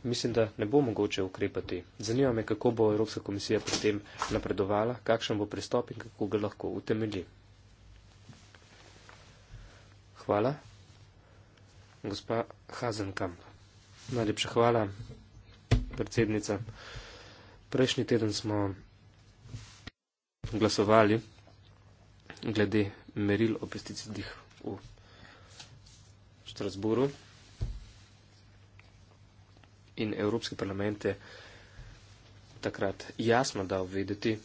mislim, da ne bo mogoče ukrepati. Zanima me, kako bo Evropska komisija pri tem napredovala, kakšen bo pristop in kako ga lahko utemelji. Hvala. Gospa Hazenkamp. Najlepša hvala, predsednica. Prejšnji teden smo glasovali glede meril o pesticidih v Štrasburu in Evropski parlament je takrat jasno dal vedeti,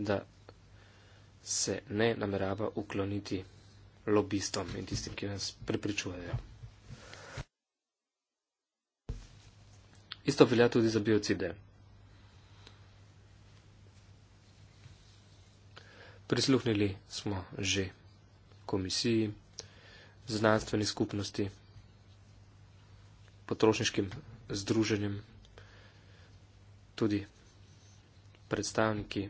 da se ne namerava ukloniti lobistom in tistim, ki nas prepričujejo. Isto velja tudi za biocide. Prisluhnili smo že komisiji, znanstveni skupnosti, potrošniškim združenjem, tudi predstavniki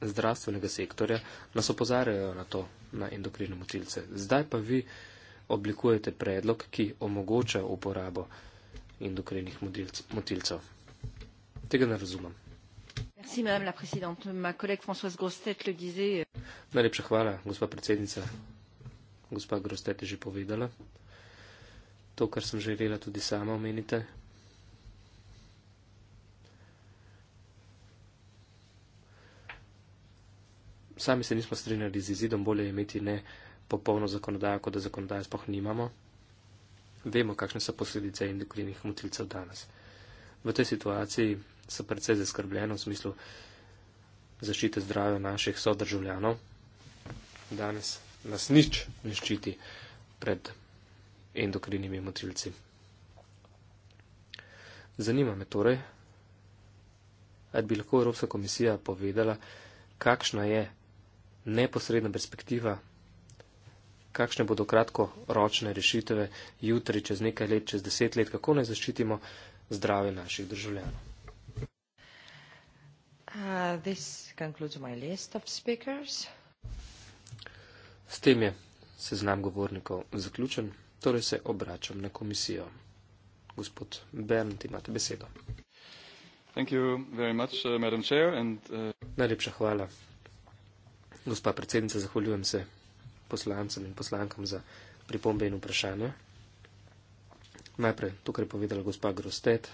zdravstvenega sektorja nas opozarjajo na to, na endokrine motilce. Zdaj pa vi oblikujete predlog, ki omogoča uporabo endokrine motilce endokrinih motilcev. Tega ne razumem. Merci, la Ma le disait... Euh, Najlepša hvala, gospa predsednica. Gospa Grostet je že povedala to, kar sem želela tudi sama omeniti. Sami se nismo strinjali z izidom, bolje je imeti ne popolno zakonodajo, kot da zakonodajo sploh nimamo. Ni vemo, kakšne so posledice endokrinih motilcev danes. V tej situaciji so predvsej zaskrbljeno v smislu zaščite zdravja naših sodržavljanov. Danes nas nič ne ščiti pred endokrinimi motilci. Zanima me torej, ali bi lahko Evropska komisija povedala, kakšna je neposredna perspektiva kakšne bodo kratkoročne rešitve jutri, čez nekaj let, čez deset let, kako naj zaščitimo zdrave naših državljanov. Uh, S tem je seznam govornikov zaključen, torej se obračam na komisijo. Gospod Bernd, imate besedo. Much, uh, and, uh... Najlepša hvala. Gospa predsednica, zahvaljujem se poslancem in poslankam za pripombe in vprašanja. Najprej to, kar je povedala gospa Grostet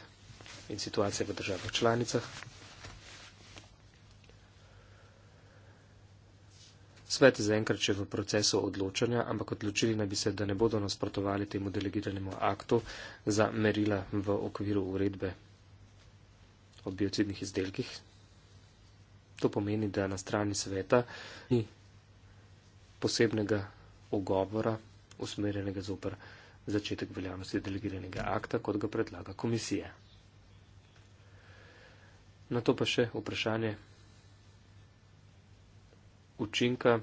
in situacija v državah članicah. Svet zaenkrat še v procesu odločanja, ampak odločili naj bi se, da ne bodo nasprotovali temu delegiranemu aktu za merila v okviru uredbe o biocidnih izdelkih. To pomeni, da na strani sveta ni posebnega ogovora, usmerjenega zoper začetek veljavnosti delegiranega akta, kot ga predlaga komisija. Na to pa še vprašanje učinka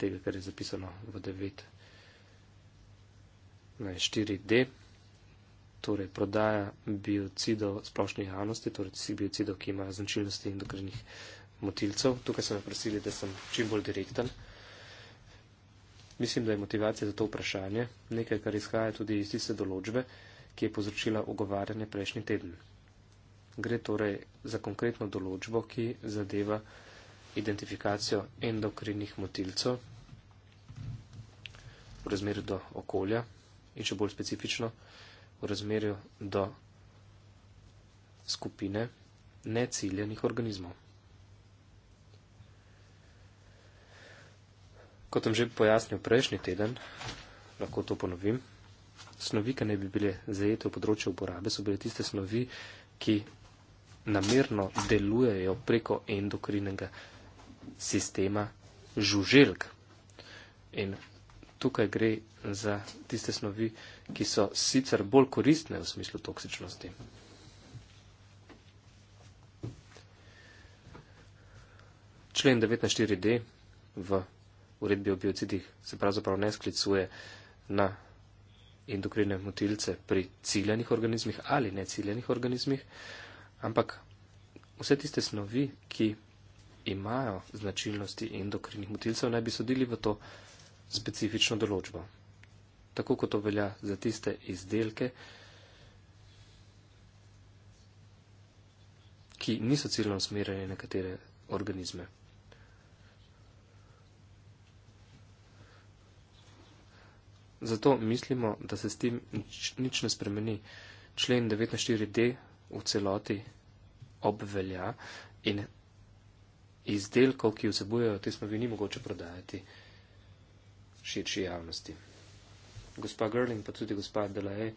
tega, kar je zapisano v 9.4.d. Torej, prodaja biocidov splošni javnosti, torej biocidov, ki imajo značilnosti endokrinih uh, motilcev. Tukaj sem prosili, da sem čim bolj direkten. Mislim, da je motivacija za to vprašanje nekaj, kar izhaja tudi iz tiste določbe, ki je povzročila ogovarjanje prejšnji teden. Gre torej za konkretno določbo, ki zadeva identifikacijo endokrinih motilcev v razmerju do okolja in še bolj specifično v razmerju do skupine neciljenih organizmov. Kot sem že pojasnil prejšnji teden, lahko to ponovim. Snovi, ki ne bi bile zajete v področju uporabe, so bile tiste snovi, ki namerno delujejo preko endokrinega sistema žuželk. In tukaj gre za tiste snovi, ki so sicer bolj koristne v smislu toksičnosti. Člen 19.4.d. v uredbi o biocidih se pravzaprav ne sklicuje na endokrine motilce pri ciljenih organizmih ali neciljenih organizmih, ampak vse tiste snovi, ki imajo značilnosti endokrinih motilcev, naj bi sodili v to specifično določbo. Tako kot to velja za tiste izdelke, ki niso ciljno usmerjeni na katere organizme. Zato mislimo, da se s tem nič, nič ne spremeni. Člen 194d v celoti obvelja in izdelkov, ki vsebujejo te snovi, ni mogoče prodajati širši javnosti. Gospa Gerling pa tudi gospa Delae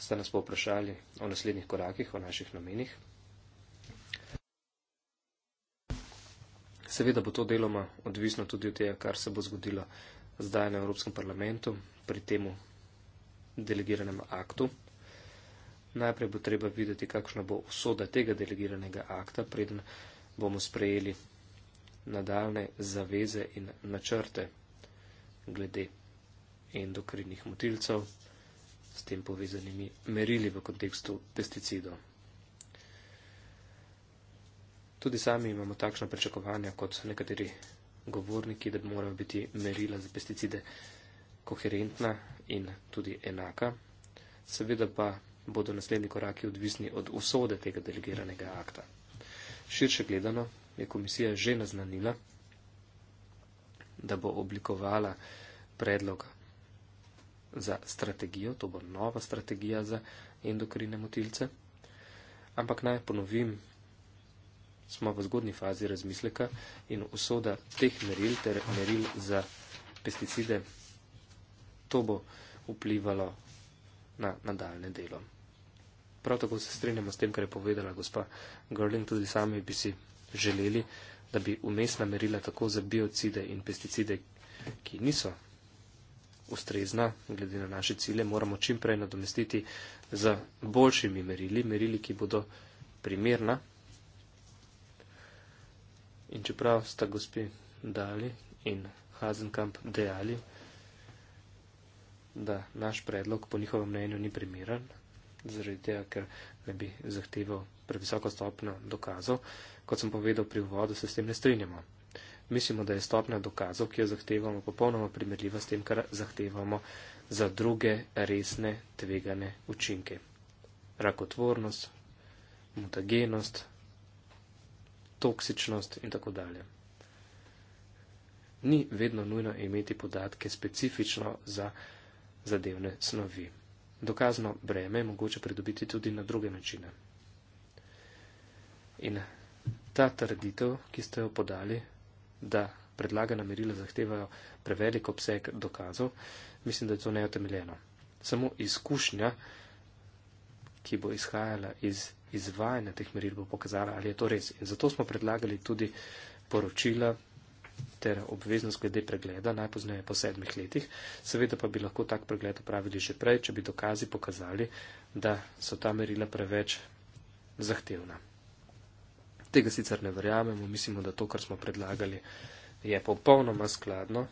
sta nas povprašali o naslednjih korakih, o naših namenih. Seveda bo to deloma odvisno tudi od tega, kar se bo zgodilo zdaj na Evropskem parlamentu pri temu delegiranem aktu. Najprej bo treba videti, kakšna bo usoda tega delegiranega akta, preden bomo sprejeli nadaljne zaveze in načrte glede endokrinnih motilcev s tem povezanimi merili v kontekstu pesticidov. Tudi sami imamo takšna pričakovanja kot nekateri govorniki, da bi morala biti merila za pesticide koherentna in tudi enaka. Seveda pa bodo naslednji koraki odvisni od usode tega delegiranega akta. Širše gledano je komisija že naznanila, da bo oblikovala predlog za strategijo, to bo nova strategija za endokrine motilce. Ampak naj ponovim, smo v zgodni fazi razmisleka in usoda teh meril ter meril za pesticide, to bo vplivalo na nadaljne delo. Prav tako se strinjamo s tem, kar je povedala gospa Gerling, tudi sami bi si želeli, da bi umestna merila tako za biocide in pesticide, ki niso ustrezna, glede na naše cilje, moramo čimprej nadomestiti z boljšimi merili, merili, ki bodo primerna In čeprav sta gospi dali in Hazenkamp dejali, da naš predlog po njihovem mnenju ni primeren, zaradi tega, ker ne bi zahteval previsoko stopno dokazov, kot sem povedal pri uvodu, se s tem ne strinjamo. Mislimo, da je stopna dokazov, ki jo zahtevamo, popolnoma primerljiva s tem, kar zahtevamo za druge resne tvegane učinke. Rakotvornost, mutagenost, toksičnost in tako dalje. Ni vedno nujno imeti podatke specifično za zadevne snovi. Dokazno breme je mogoče pridobiti tudi na druge načine. In ta trditev, ki ste jo podali, da predlagana merila zahtevajo prevelik obseg dokazov, mislim, da je to neotemeljeno. Samo izkušnja, ki bo izhajala iz izvajanja teh meril, bo pokazala, ali je to res. In zato smo predlagali tudi poročila ter obveznost glede pregleda, najpoznaje po sedmih letih. Seveda pa bi lahko tak pregled opravili že prej, če bi dokazi pokazali, da so ta merila preveč zahtevna. Tega sicer ne verjamemo, mislimo, da to, kar smo predlagali, je popolnoma skladno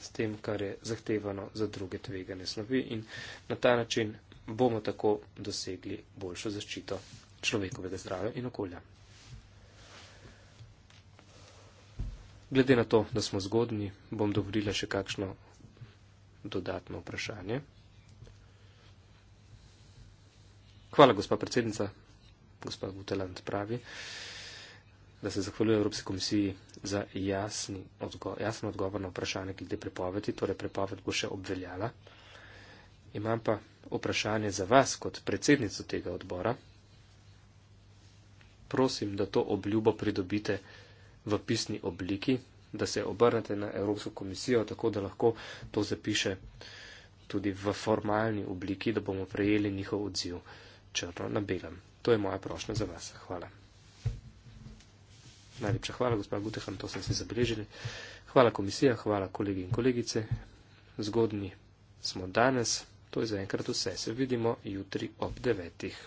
s tem, kar je zahtevano za druge tvegane snovi in na ta način bomo tako dosegli boljšo zaščito človekovega zdravja in okolja. Glede na to, da smo zgodni, bom dovolila še kakšno dodatno vprašanje. Hvala, gospa predsednica, gospa Butelant pravi, da se zahvaljuje Evropski komisiji za jasen odgovor, odgovor na vprašanje glede prepovedi, torej prepoved bo še obveljala. Imam pa vprašanje za vas kot predsednico tega odbora. Prosim, da to obljubo pridobite v pisni obliki, da se obrnete na Evropsko komisijo, tako da lahko to zapiše tudi v formalni obliki, da bomo prejeli njihov odziv črno na belem. To je moja prošnja za vas. Hvala. Najlepša hvala, gospod Guteham, to sem si zabeležili. Hvala komisija, hvala kolegi in kolegice. Zgodni smo danes. To je zaenkrat vse. Se vidimo jutri ob devetih.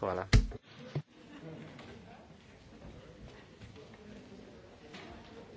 Hvala.